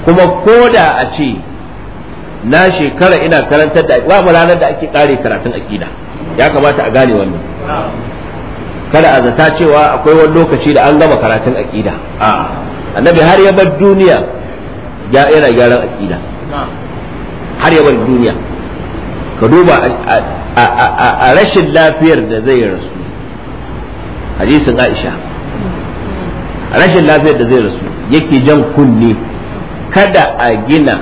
Speaker 1: kuma koda a ce na shekara ina karantar da wa mu ranar da ake kare karatun aqida ya kamata a gane
Speaker 2: wannan
Speaker 1: kada a zata cewa akwai wani lokaci da an gama karatun aqida a annabi har ya bar duniya ya yana gyaran aqida har ya bar duniya ka duba a rashin lafiyar da zai rasu hadisin Aisha a rashin lafiyar da zai rasu yake jan kunne kada a gina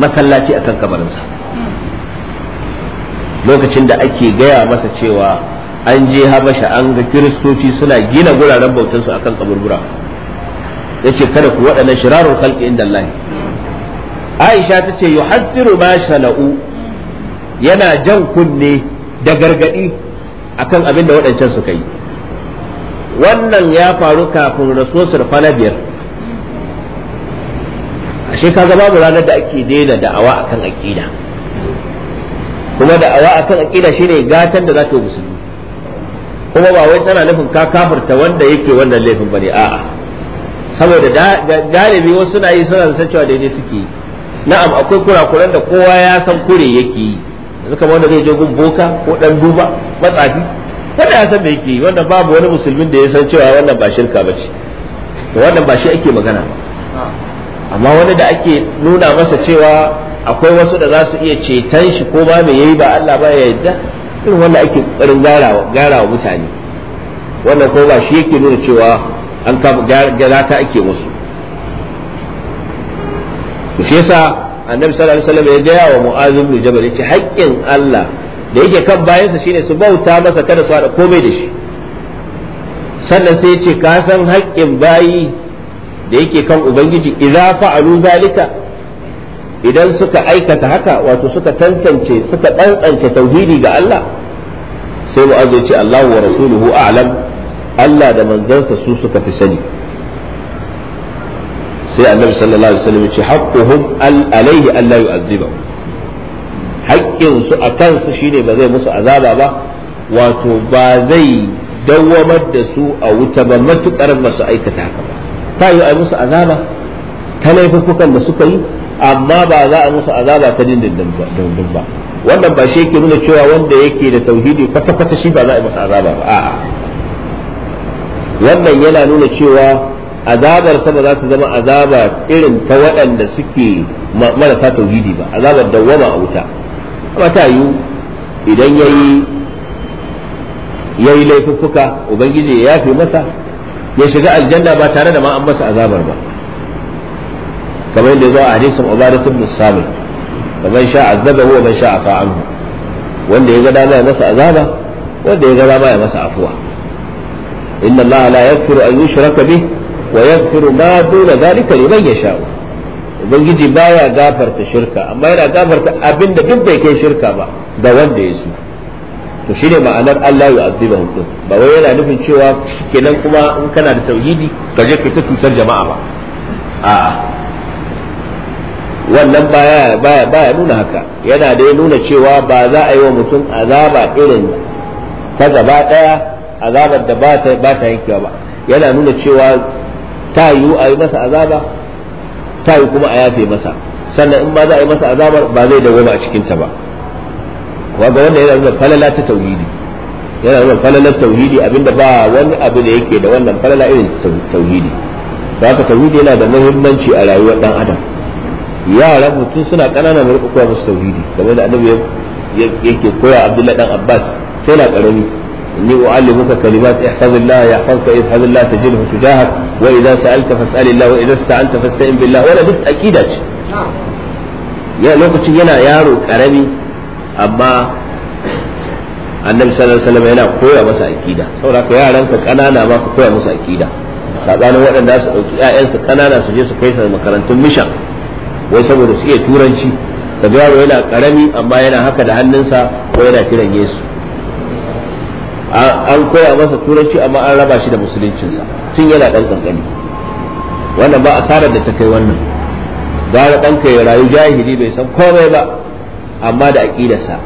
Speaker 1: masallaci akan sa, hmm. lokacin da ake gaya masa cewa an je habasha an ga kiristoci suna gina guraren bautansu akan kaburbura ce kada ku waɗannan shirarun khalqi inda Allah Aisha ta ce yuhaddiru ma shana'u yana jan kunne da gargaɗi akan abin da waɗancan suka yi wannan ya faru kafin rasuwar kwana biyar ashe kaga babu ranar da ake daina da'awa akan aƙida? kuma da'awa akan shi shine gatan da za ta musulmi kuma ba wai tana nufin ka kafirta wanda yake wannan laifin bane a'a saboda galibi wasu suna yi suna san cewa daidai suke yi na'am akwai kurakuran da kowa ya san kure yake yi yanzu kamar wanda zai je gun boka ko dan duba matsafi wanda ya san da yake yi wanda babu wani musulmin da ya san cewa wannan ba shirka ba ce. to wannan ba shi ake magana
Speaker 2: ba
Speaker 1: amma wani da ake nuna masa cewa akwai wasu da za su iya ceton shi ko ba mai yayi ba Allah ba ya yadda. irin wanda ake ƙoƙarin gyara wa mutane wannan kuma ba shi yake nuna cewa an kama gyara ta ake musu shi yasa annabi sallallahu alaihi wasallam ya gaya wa mu'azu bin jabal yace haƙƙin Allah da yake kan bayansa shine su bauta masa kada su hada komai da shi sannan sai ce ka san haƙƙin bayi da yake kan ubangiji idza fa'alu zalika idan suka aikata haka wato suka tantance suka dantsance tauhidi ga Allah sai mu'az ya ce Allahu wa rasuluhu a'lam Allah da manzansa su suka fi sani sai annabi sallallahu alaihi wasallam ya ce haqquhum alaihi an la yu'azziba haƙƙin su akan su shine ba zai musu azaba ba wato ba zai dawwamar da su a wuta ba matukar ba su aikata haka ba ta yi a musu azaba ta laifukan da suka yi amma ba za a musu azaba ta dindindin ba wannan ba shi yake nuna cewa wanda yake da tauhidi kwata kwata shi ba za a yi masa azaba ba a'a wannan yana nuna cewa azabar sama za su zama azaba irin ta waɗanda suke marasa tauhidi ba azabar dawwama a wuta amma ta idan yayi yayi laifuffuka ubangiji ya yafe masa ya shiga aljanna ba tare da ma an masa azabar ba kamar yadda zuwa a hadisin Ubadah ibn fa man sha azaba wa man sha afa anhu wanda ya ga dama ya masa azaba wanda ya ga dama ya masa afuwa inna allaha la yaghfiru an yushraka bih wa yaghfiru ma duna dhalika liman yasha ubangiji baya gafarta shirka amma yana gafarta abinda duk bai ke shirka ba ga wanda ya so to shine ma'anar allahu ya azziba hukum ba wai yana nufin cewa kenan kuma in kana da tauhidi ka je ka ta cutar jama'a ba a'a wannan baya baya baya nuna haka yana da nuna cewa ba za a yi wa mutum azaba irin ta gaba daya azabar da ba ta yankewa ba yana nuna cewa ta yi a yi masa azaba ta yi kuma a yafe masa sannan in ba za a yi masa azabar ba zai dawoma a cikin ta ba wanda wanda yana nuna falala ta tauhidi yana nuna falalar tauhidi abinda ba wani abu da yake da wannan falala irin tauhidi ba haka tauhidi yana da muhimmanci a rayuwar dan adam yara mutum suna kanana mu rika koya musu tauhidi game da annabi yake koya abdullahi dan abbas sai na karami ni inni u'allimuka kalimat ihfazillah yahfazka ihfazillah tajidhu tujahak wa idza sa'alta fas'alillah wa idza sta'anta fasta'in billah wala duk akida ce ya lokacin yana yaro karami amma annabi sallallahu alaihi wasallam yana koya masa akida saboda ka yaran ka kanana ma ka koya musu akida sabanin waɗanda su dauki ƴaƴansu kanana su je su kai su makarantun mishan wai saboda suke turanci da yaro yana karami amma yana haka da hannunsa ko yana kiran yesu an koya masa turanci amma an raba shi da musuluncinsa tun yana dan kankani wannan ba asarar da ta kai wannan gara ɗanka ya rayu jahili bai san komai ba amma da aƙidarsa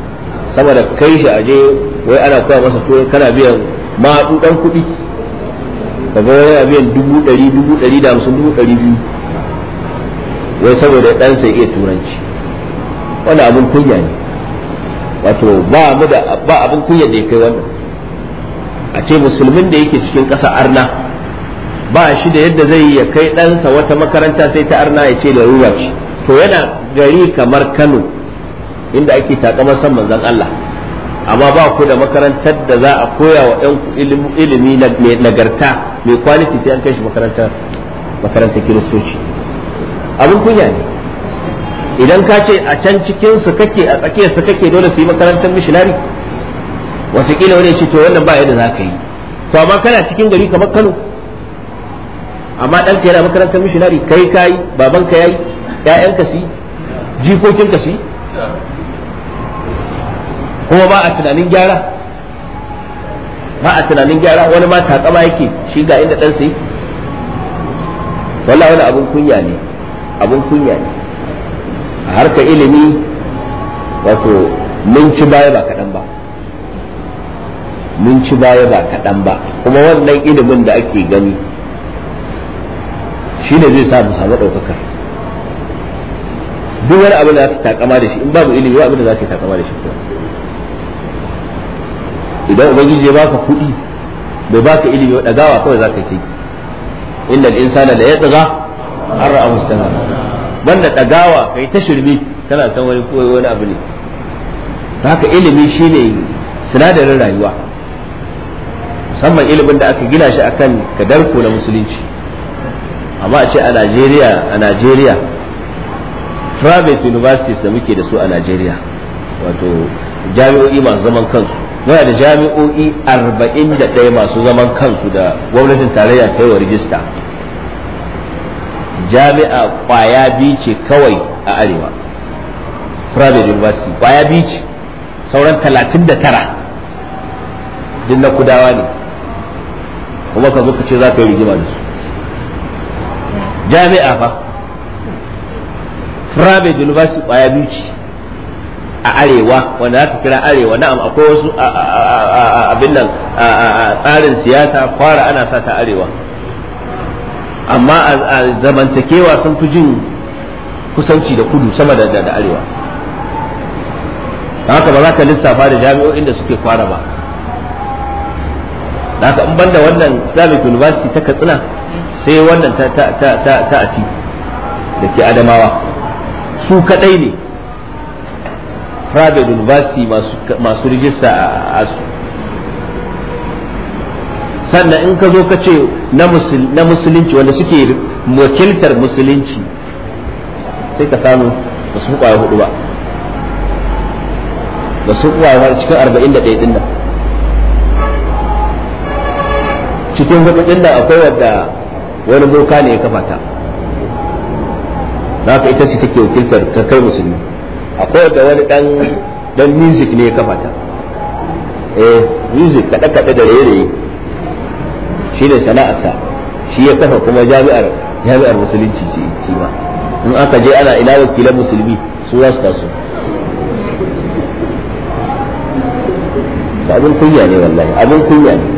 Speaker 1: sama da kai shi aje wai ana koya masa turanci kana biyan ma'adu ɗan kuɗi kaga wani biyan dubu ɗari dubu ɗari da hamsin dubu ɗari biyu wai saboda ɗansa iya turanci wani abin kunya ne wato ba mu da ba abin kunya da ya kai wannan a ce musulmin da yake cikin ƙasa arna ba shi da yadda zai ya kai ɗansa wata makaranta sai ta arna ya ce da ruwa ce to yana gari kamar kano inda ake takamar san manzon Allah amma ba ku da makarantar da za a koya wa 'yan ilimi nagarta mai kwaliti sai an kai shi makarantar kiristoci abin kunya ne idan ka ce a can cikin su kake a tsakiyar su kake dole su yi makarantar mishinari wasu kila wani ce to wannan ba yadda za ka yi to amma kana cikin gari kamar kano amma ɗanka yana makarantar mishinari kai yi babanka yayi ƴaƴanka su jikokinka su kuma ba a tunanin gyara ba a tunanin gyara wani ma takama yake shi ga inda ɗansa yake wallahi wani abin kunya ne Abin kunya ne a harka ilimi wato mun ci baya ba kaɗan ba mun ci baya ba kaɗan ba kuma wannan ilimin da ake gani shi ne zai sa mu samu ɗaukaka. duk wani abin da za ka takama da shi in babu ilimi wa abin da za ka takama da shi kuma. idan ubangiji ya baka kuɗi bai baka ilimi wa ɗagawa kawai za ka yi innal da la yatgha an ra'a mustahab banda dagawa kai ta shirmi tana san wani koyi wani abu ne haka ilimi shine sinadarin rayuwa musamman ilimin da aka gina shi akan kadarko na musulunci amma a ce a Najeriya a Najeriya private universities da muke da su a Najeriya wato jami'o'i masu zaman kansu muna da jami'o'i 41 masu zaman kansu da gwamnatin tarayya ta yi wa rijista jami'a kwaya biyu ce kawai a arewa private university kwaya biyu ce sauran talatin da tara na kudawa ne kuma ka zo ka ce za ka yi rigima da su jami'a fa private university kwaya biyu ce a arewa wanda za ka kira arewa na'am akwai wasu abin nan tsarin siyasa fara ana sa ta arewa amma a zamantakewa sun fi jin kusanci da kudu sama da da arewa haka ba za ka lissafa da jami'o'in da suke kwara ba da haka in banda wannan islamic university ta katsina sai wannan ta ta ta da ke adamawa su kadai ne private university masu rijista a sannan in ka zo ka ce na musulunci wanda suke wakiltar musulunci sai ka samu ba su kwaya hudu ba ba su kwaya cikin arba'in da ɗaya nan cikin hudu ɗin nan akwai wadda wani boka ne ya kafa ta ka ita ce take wakiltar ta kai musulmi akwai wadda wani ɗan dan music ne ya kafa ta eh music kaɗe-kaɗe da raye-raye shi ne sana'arsa shi ya kafa kuma jami'ar jami'ar musulunci ce kima in aka je ana ila wakilan musulmi su za su taso abin kunya ne wallahi abin kunya ne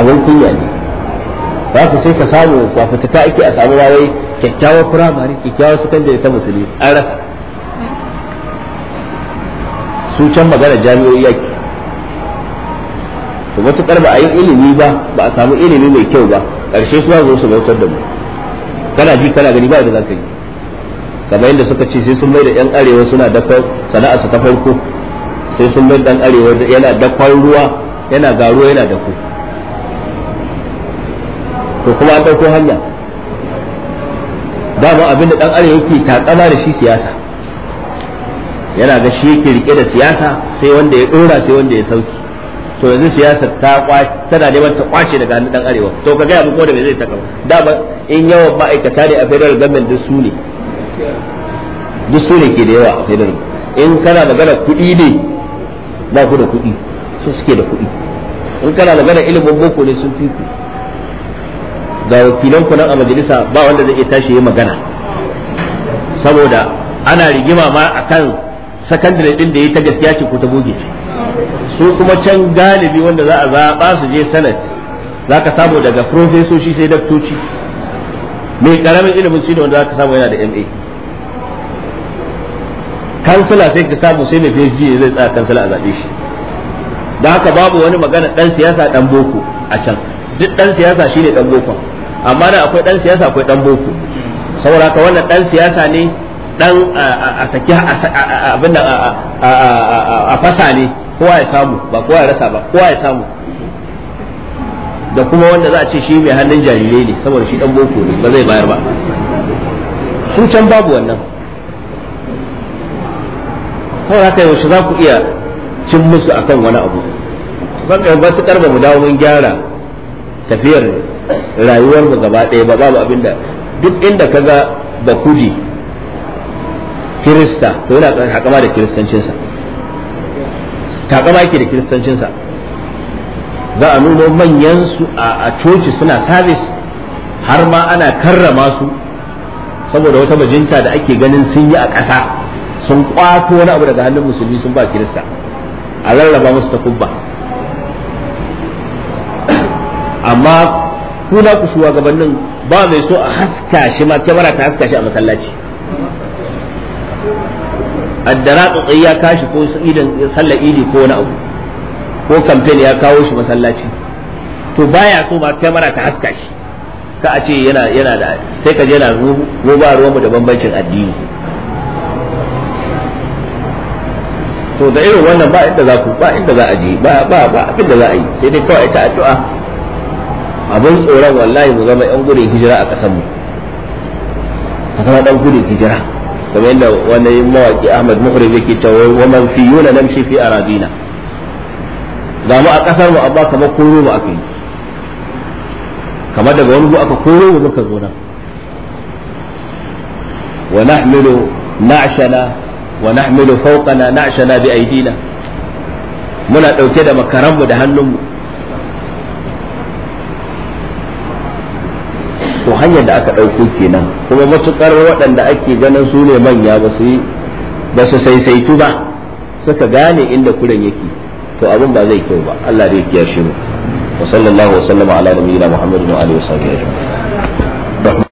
Speaker 1: abin kunya ne za ku sai ka samu kwafuta ta ake a samu wawai kyakkyawar firamare kyakkyawar sakandare ta musulmi an rasa su can magana jami'o'i yaki to matuƙar ba a yi ilimi ba ba a samu ilimi mai kyau ba ƙarshe su zo su bautar da mu kana ji kana gani ba da za ka yi kamar yadda suka ce sai sun mai da yan arewa suna dafa sana'a su ta farko sai sun mai dan arewa yana dakon ruwa yana garuwa yana dako to kuma an ɗauko hanya dama abin da dan arewa yake takama da shi siyasa yana ga shi yake rike da siyasa sai wanda ya dora sai wanda ya sauki to yanzu siyasar ta tana neman ta kwace daga hannun dan arewa to ka gaya mu ko da me zai taka da ba in yawan ma'aikata ne a federal government duk su ne duk su ne ke da yawa a federal in kana magana kuɗi ne ba ku da kuɗi su suke da kuɗi in kana magana ilimin boko ne sun fi ga wakilan ku nan a majalisa ba wanda zai iya tashi yi magana saboda ana rigima ma akan sakandare din da yi ta gaskiya ce ko ta goge ce su kuma can galibi wanda za a zaɓa su je sanat za ka samu daga profesoshi sai daktoci mai karamin ilimin shi wanda za ka samu yana da ma kansila sai ka samu sai mai phd zai tsaya kansila a zaɓe shi da haka babu wani magana ɗan siyasa ɗan boko a can duk ɗan siyasa shi ne ɗan boko amma da akwai ɗan siyasa akwai ɗan boko saboda haka wannan ɗan siyasa ne ɗan a saki abin a fasa ne kowa ya samu ba kowa ya rasa ba kowa ya samu da kuma wanda za a ce shi mai hannun jarirai ne saboda shi dan boko ne ba zai bayar ba su can babu wannan saboda haka yaushe za ku iya cin musu akan wani abu Ban matuƙar ba mu dawo mun gyara tafiyar rayuwar mu gaba ɗaya ba babu abin da duk inda ka ga ba kudi kirista to yana hakama da kiristancinsa takama yake da kiristancinsa za a nuno manyan su a coci suna sabis har ma ana karrama su saboda wata bajinta da ake ganin sun yi a ƙasa sun kwato wani abu daga hannun musulmi sun ba kirista a rarraba musu ta kubba amma kuna ku shugabannin ba mai so a haska shi ma kyamara ta haska shi a masallaci addara tsotsai ya kashi ko idan sallar idi ko wani abu ko kamfen ya kawo shi masallaci to baya so ma kamera ta haska shi ka a ce yana yana da sai ka je na roba ruwan mu da bambancin addini to da irin wannan ba inda za ku ba inda za a je ba ba ba abin da za a yi sai dai kawai ta addu'a abin tsoron wallahi mu zama yan gudun hijira a kasan mu a zama dan gudun hijira kamar yadda wani mawaki Ahmad yake wa man namshi fi aradina ga mu a kasar mu amma kamar koro mu yi kamar daga wani aka koro mu muka zo nan wa nahmilu na'shana wa nahmilu fawqana na'shana bi aidina muna dauke da makaranmu da mu to hanyar da aka ɗauko kenan kuma matuƙar waɗanda ake ganin su ne manya ba su ba su saisaitu ba suka gane inda kuren yake to abin ba zai kyau ba Allah zai kiyashe mu wa sallallahu wa sallama ala nabiyina muhammadin wa alihi wa sahbihi